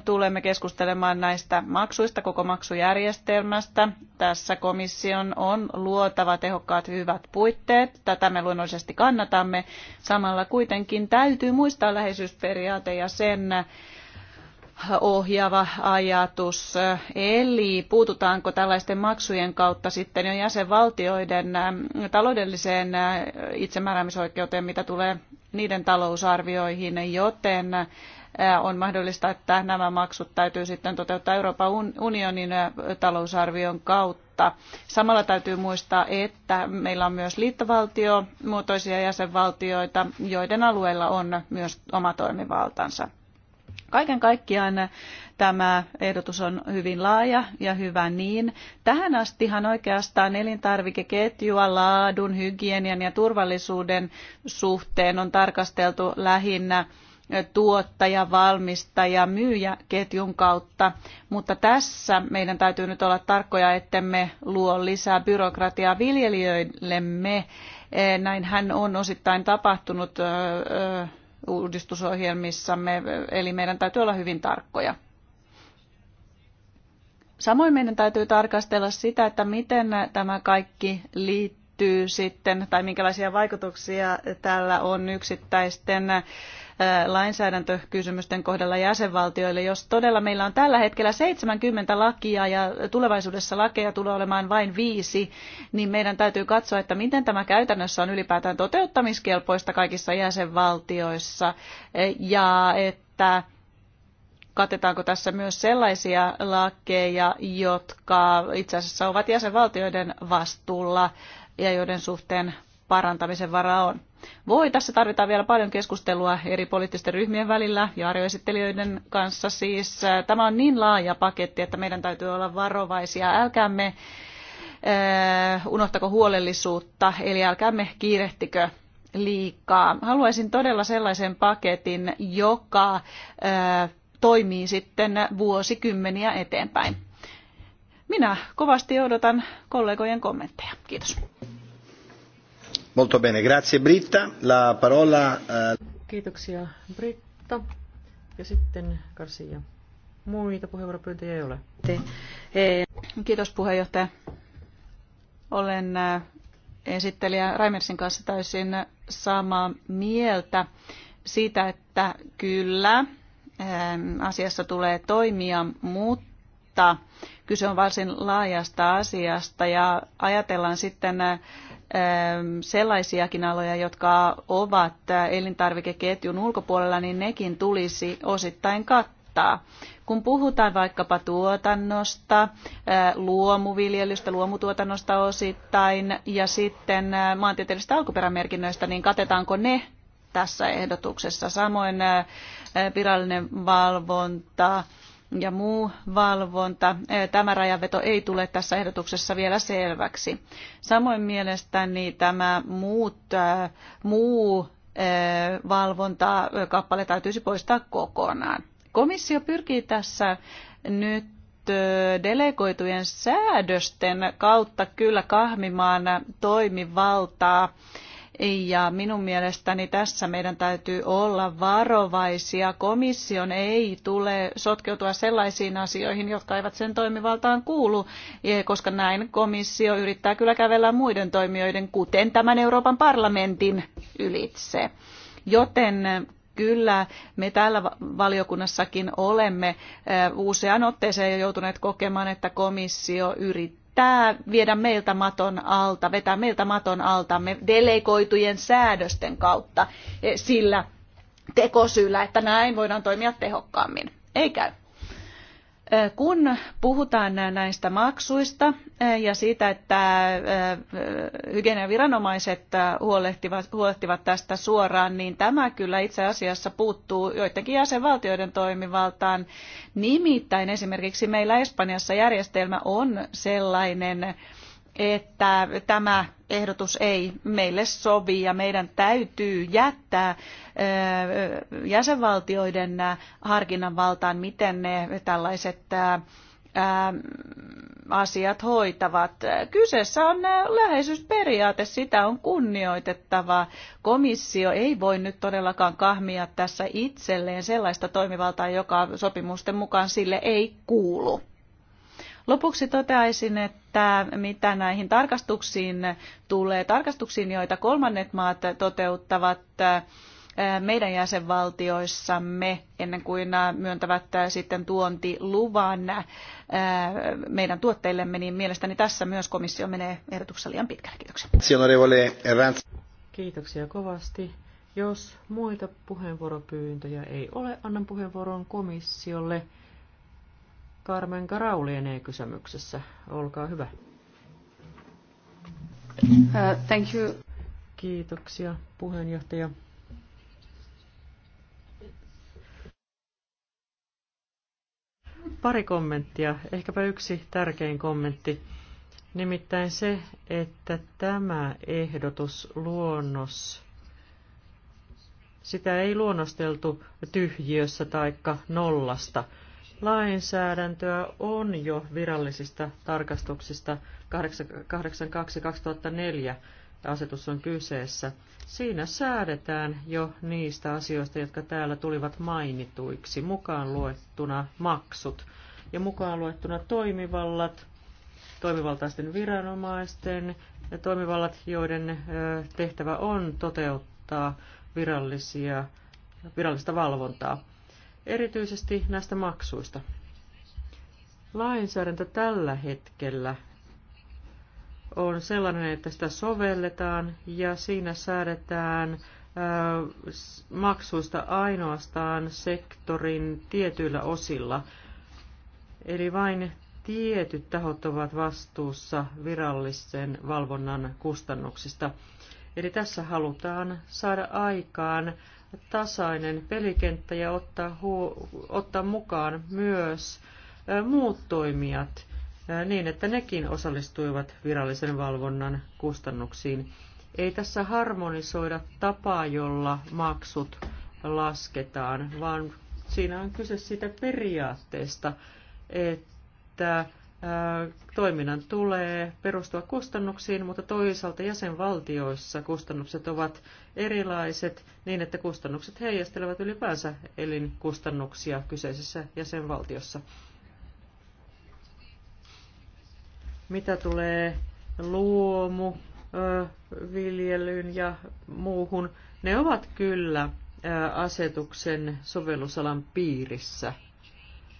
tulemme keskustelemaan näistä maksuista, koko maksujärjestelmästä. Tässä komission on luotava tehokkaat hyvät puitteet. Tätä me luonnollisesti kannatamme. Samalla kuitenkin täytyy muistaa läheisyysperiaate ja sen ohjaava ajatus. Eli puututaanko tällaisten maksujen kautta sitten jo jäsenvaltioiden äh, taloudelliseen äh, itsemääräämisoikeuteen, mitä tulee niiden talousarvioihin, joten on mahdollista, että nämä maksut täytyy sitten toteuttaa Euroopan unionin talousarvion kautta. Samalla täytyy muistaa, että meillä on myös liittovaltiomuotoisia jäsenvaltioita, joiden alueilla on myös oma toimivaltansa. Kaiken kaikkiaan tämä ehdotus on hyvin laaja ja hyvä niin. Tähän astihan oikeastaan elintarvikeketjua laadun, hygienian ja turvallisuuden suhteen on tarkasteltu lähinnä tuottaja, valmistaja, myyjä ketjun kautta. Mutta tässä meidän täytyy nyt olla tarkkoja, ettemme luo lisää byrokratiaa viljelijöillemme. Eh, näin hän on osittain tapahtunut eh, eh, uudistusohjelmissamme, eli meidän täytyy olla hyvin tarkkoja. Samoin meidän täytyy tarkastella sitä, että miten tämä kaikki liittyy sitten, tai minkälaisia vaikutuksia tällä on yksittäisten lainsäädäntökysymysten kohdalla jäsenvaltioille, jos todella meillä on tällä hetkellä 70 lakia ja tulevaisuudessa lakeja tulee olemaan vain viisi, niin meidän täytyy katsoa, että miten tämä käytännössä on ylipäätään toteuttamiskelpoista kaikissa jäsenvaltioissa ja että katetaanko tässä myös sellaisia lakeja, jotka itse asiassa ovat jäsenvaltioiden vastuulla ja joiden suhteen parantamisen varaa on. Voi, tässä tarvitaan vielä paljon keskustelua eri poliittisten ryhmien välillä ja arjoesittelijöiden kanssa siis. Tämä on niin laaja paketti, että meidän täytyy olla varovaisia. Älkäämme äh, unohtako huolellisuutta, eli älkäämme kiirehtikö liikaa. Haluaisin todella sellaisen paketin, joka äh, toimii sitten vuosikymmeniä eteenpäin. Minä kovasti odotan kollegojen kommentteja. Kiitos. Molto bene, grazie Britta. La parola... Eh, Kiitoksia Britta. Ja sitten Garcia. Muita puheenvuoropyyntöjä ei ole. Eh, kiitos puheenjohtaja. Olen eh, esittelijä Raimersin kanssa täysin samaa mieltä siitä, että kyllä asiassa tulee toimia, mutta kyse on varsin laajasta asiasta ja ajatellaan sitten Ähm, sellaisiakin aloja, jotka ovat äh, elintarvikeketjun ulkopuolella, niin nekin tulisi osittain kattaa. Kun puhutaan vaikkapa tuotannosta, äh, luomuviljelystä, luomutuotannosta osittain ja sitten äh, maantieteellisistä alkuperämerkinnöistä, niin katetaanko ne tässä ehdotuksessa. Samoin virallinen valvonta, ja muu valvonta. Tämä rajanveto ei tule tässä ehdotuksessa vielä selväksi. Samoin mielestäni tämä muut, muu kappale täytyisi poistaa kokonaan. Komissio pyrkii tässä nyt delegoitujen säädösten kautta kyllä kahmimaan toimivaltaa ja minun mielestäni tässä meidän täytyy olla varovaisia. Komission ei tule sotkeutua sellaisiin asioihin, jotka eivät sen toimivaltaan kuulu, e, koska näin komissio yrittää kyllä kävellä muiden toimijoiden, kuten tämän Euroopan parlamentin ylitse. Joten e, kyllä me täällä valiokunnassakin olemme e, useaan otteeseen jo joutuneet kokemaan, että komissio yrittää yrittää viedä meiltä maton alta, vetää meiltä maton altamme delegoitujen säädösten kautta eh, sillä tekosyyllä, että näin voidaan toimia tehokkaammin. Ei käy. Kun puhutaan näistä maksuista ja siitä, että hygieniaviranomaiset huolehtivat, huolehtivat tästä suoraan, niin tämä kyllä itse asiassa puuttuu joidenkin jäsenvaltioiden toimivaltaan. Nimittäin esimerkiksi meillä Espanjassa järjestelmä on sellainen, että tämä ehdotus ei meille sovi ja meidän täytyy jättää jäsenvaltioiden harkinnan valtaan, miten ne tällaiset asiat hoitavat. Kyseessä on läheisyysperiaate, sitä on kunnioitettava. Komissio ei voi nyt todellakaan kahmia tässä itselleen sellaista toimivaltaa, joka sopimusten mukaan sille ei kuulu. Lopuksi toteaisin, että mitä näihin tarkastuksiin tulee, tarkastuksiin, joita kolmannet maat toteuttavat, meidän jäsenvaltioissamme ennen kuin myöntävät sitten tuontiluvan meidän tuotteillemme, niin mielestäni tässä myös komissio menee ehdotuksessa liian pitkälle. Kiitoksia. Kiitoksia kovasti. Jos muita puheenvuoropyyntöjä ei ole, annan puheenvuoron komissiolle. Carmen Garau lienee kysymyksessä. Olkaa hyvä. Uh, thank you. Kiitoksia puheenjohtaja. Pari kommenttia, ehkäpä yksi tärkein kommentti. Nimittäin se, että tämä ehdotus luonnos sitä ei luonnosteltu tyhjiössä taikka nollasta, lainsäädäntöä on jo virallisista tarkastuksista 82-2004 asetus on kyseessä. Siinä säädetään jo niistä asioista, jotka täällä tulivat mainituiksi, mukaan luettuna maksut ja mukaan luettuna toimivallat, toimivaltaisten viranomaisten ja toimivallat, joiden tehtävä on toteuttaa virallisia, virallista valvontaa erityisesti näistä maksuista. Lainsäädäntö tällä hetkellä on sellainen, että sitä sovelletaan ja siinä säädetään maksuista ainoastaan sektorin tietyillä osilla. Eli vain tietyt tahot ovat vastuussa virallisen valvonnan kustannuksista. Eli tässä halutaan saada aikaan tasainen pelikenttä ja ottaa, huo, ottaa mukaan myös muut toimijat niin, että nekin osallistuivat virallisen valvonnan kustannuksiin. Ei tässä harmonisoida tapaa, jolla maksut lasketaan, vaan siinä on kyse siitä periaatteesta, että toiminnan tulee perustua kustannuksiin, mutta toisaalta jäsenvaltioissa kustannukset ovat erilaiset niin, että kustannukset heijastelevat ylipäänsä elinkustannuksia kyseisessä jäsenvaltiossa. Mitä tulee luomu, viljelyyn ja muuhun, ne ovat kyllä asetuksen sovellusalan piirissä –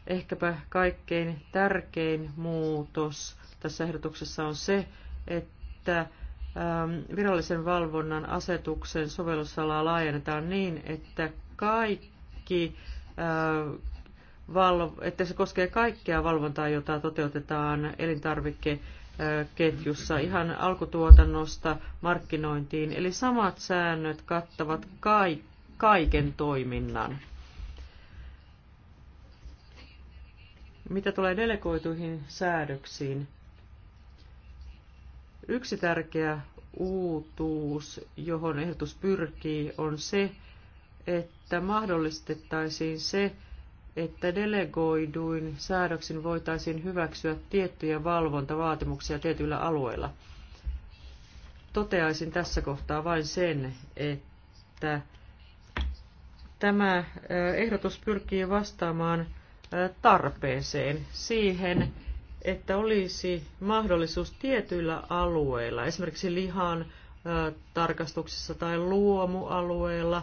Ehkäpä kaikkein tärkein muutos tässä ehdotuksessa on se, että ähm, virallisen valvonnan asetuksen sovellusalaa laajennetaan niin, että kaikki äh, että se koskee kaikkea valvontaa, jota toteutetaan elintarvikeketjussa ihan alkutuotannosta markkinointiin. Eli samat säännöt kattavat kaiken toiminnan. Mitä tulee delegoituihin säädöksiin? Yksi tärkeä uutuus, johon ehdotus pyrkii, on se, että mahdollistettaisiin se, että delegoiduin säädöksin voitaisiin hyväksyä tiettyjä valvontavaatimuksia tietyillä alueilla. Toteaisin tässä kohtaa vain sen, että tämä ehdotus pyrkii vastaamaan tarpeeseen, siihen, että olisi mahdollisuus tietyillä alueilla, esimerkiksi lihan tarkastuksessa tai luomualueella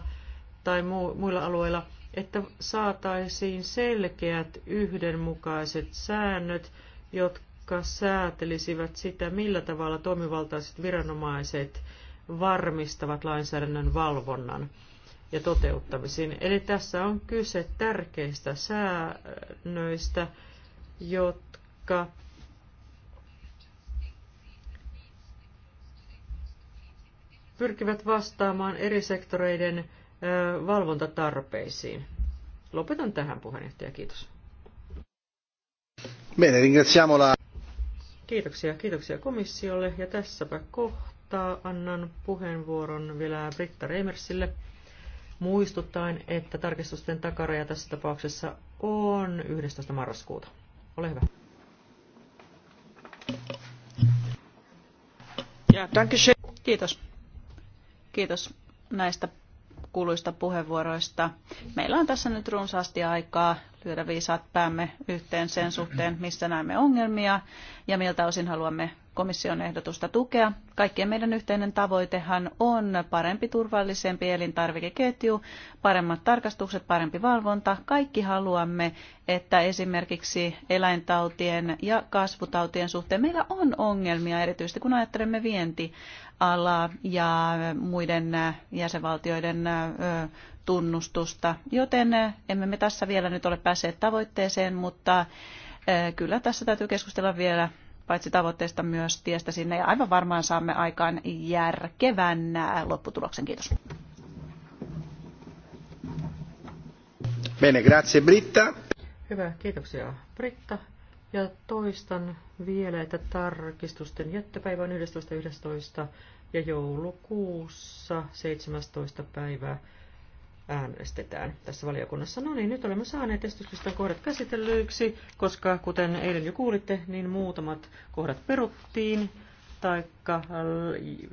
tai muilla alueilla, että saataisiin selkeät yhdenmukaiset säännöt, jotka säätelisivät sitä, millä tavalla toimivaltaiset viranomaiset varmistavat lainsäädännön valvonnan ja toteuttamisiin. Eli tässä on kyse tärkeistä säännöistä, jotka pyrkivät vastaamaan eri sektoreiden valvontatarpeisiin. Lopetan tähän puheenjohtaja, kiitos. Bene, ringraziamo la... Kiitoksia, kiitoksia komissiolle ja tässäpä kohtaa annan puheenvuoron vielä Britta Reimersille muistuttaen, että tarkistusten takaraja tässä tapauksessa on 11. marraskuuta. Ole hyvä. Ja, Kiitos. Kiitos näistä kuuluista puheenvuoroista. Meillä on tässä nyt runsaasti aikaa lyödä viisaat päämme yhteen sen suhteen, missä näemme ongelmia ja miltä osin haluamme komission ehdotusta tukea. Kaikkien meidän yhteinen tavoitehan on parempi, turvallisempi elintarvikeketju, paremmat tarkastukset, parempi valvonta. Kaikki haluamme, että esimerkiksi eläintautien ja kasvutautien suhteen meillä on ongelmia, erityisesti kun ajattelemme vientialaa ja muiden jäsenvaltioiden tunnustusta. Joten emme me tässä vielä nyt ole päässeet tavoitteeseen, mutta Kyllä tässä täytyy keskustella vielä paitsi tavoitteista myös tiestä sinne ja aivan varmaan saamme aikaan järkevän äh, lopputuloksen. Kiitos. Bene, grazie Britta. Hyvä, kiitoksia Britta. Ja toistan vielä, että tarkistusten jättöpäivä on 11.11. .11. ja joulukuussa 17. päivää äänestetään tässä valiokunnassa. No niin, nyt olemme saaneet esityslistan kohdat käsitellyiksi, koska kuten eilen jo kuulitte, niin muutamat kohdat peruttiin tai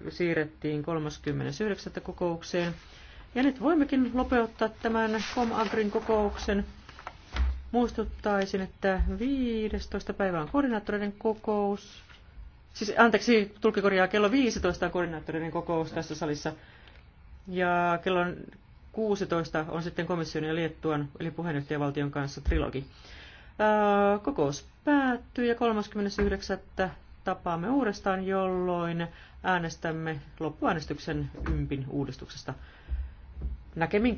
siirrettiin 39. kokoukseen. Ja nyt voimmekin lopettaa tämän Comagrin kokouksen. Muistuttaisin, että 15. päivä on koordinaattoreiden kokous. Siis, anteeksi, tulkikorjaa, kello 15 on koordinaattoreiden kokous tässä salissa. Ja kello 16 on sitten komission ja Liettuan, eli puheenjohtajavaltion kanssa trilogi. Kokous päättyy ja 39. tapaamme uudestaan, jolloin äänestämme loppuäänestyksen ympin uudistuksesta. Näkemin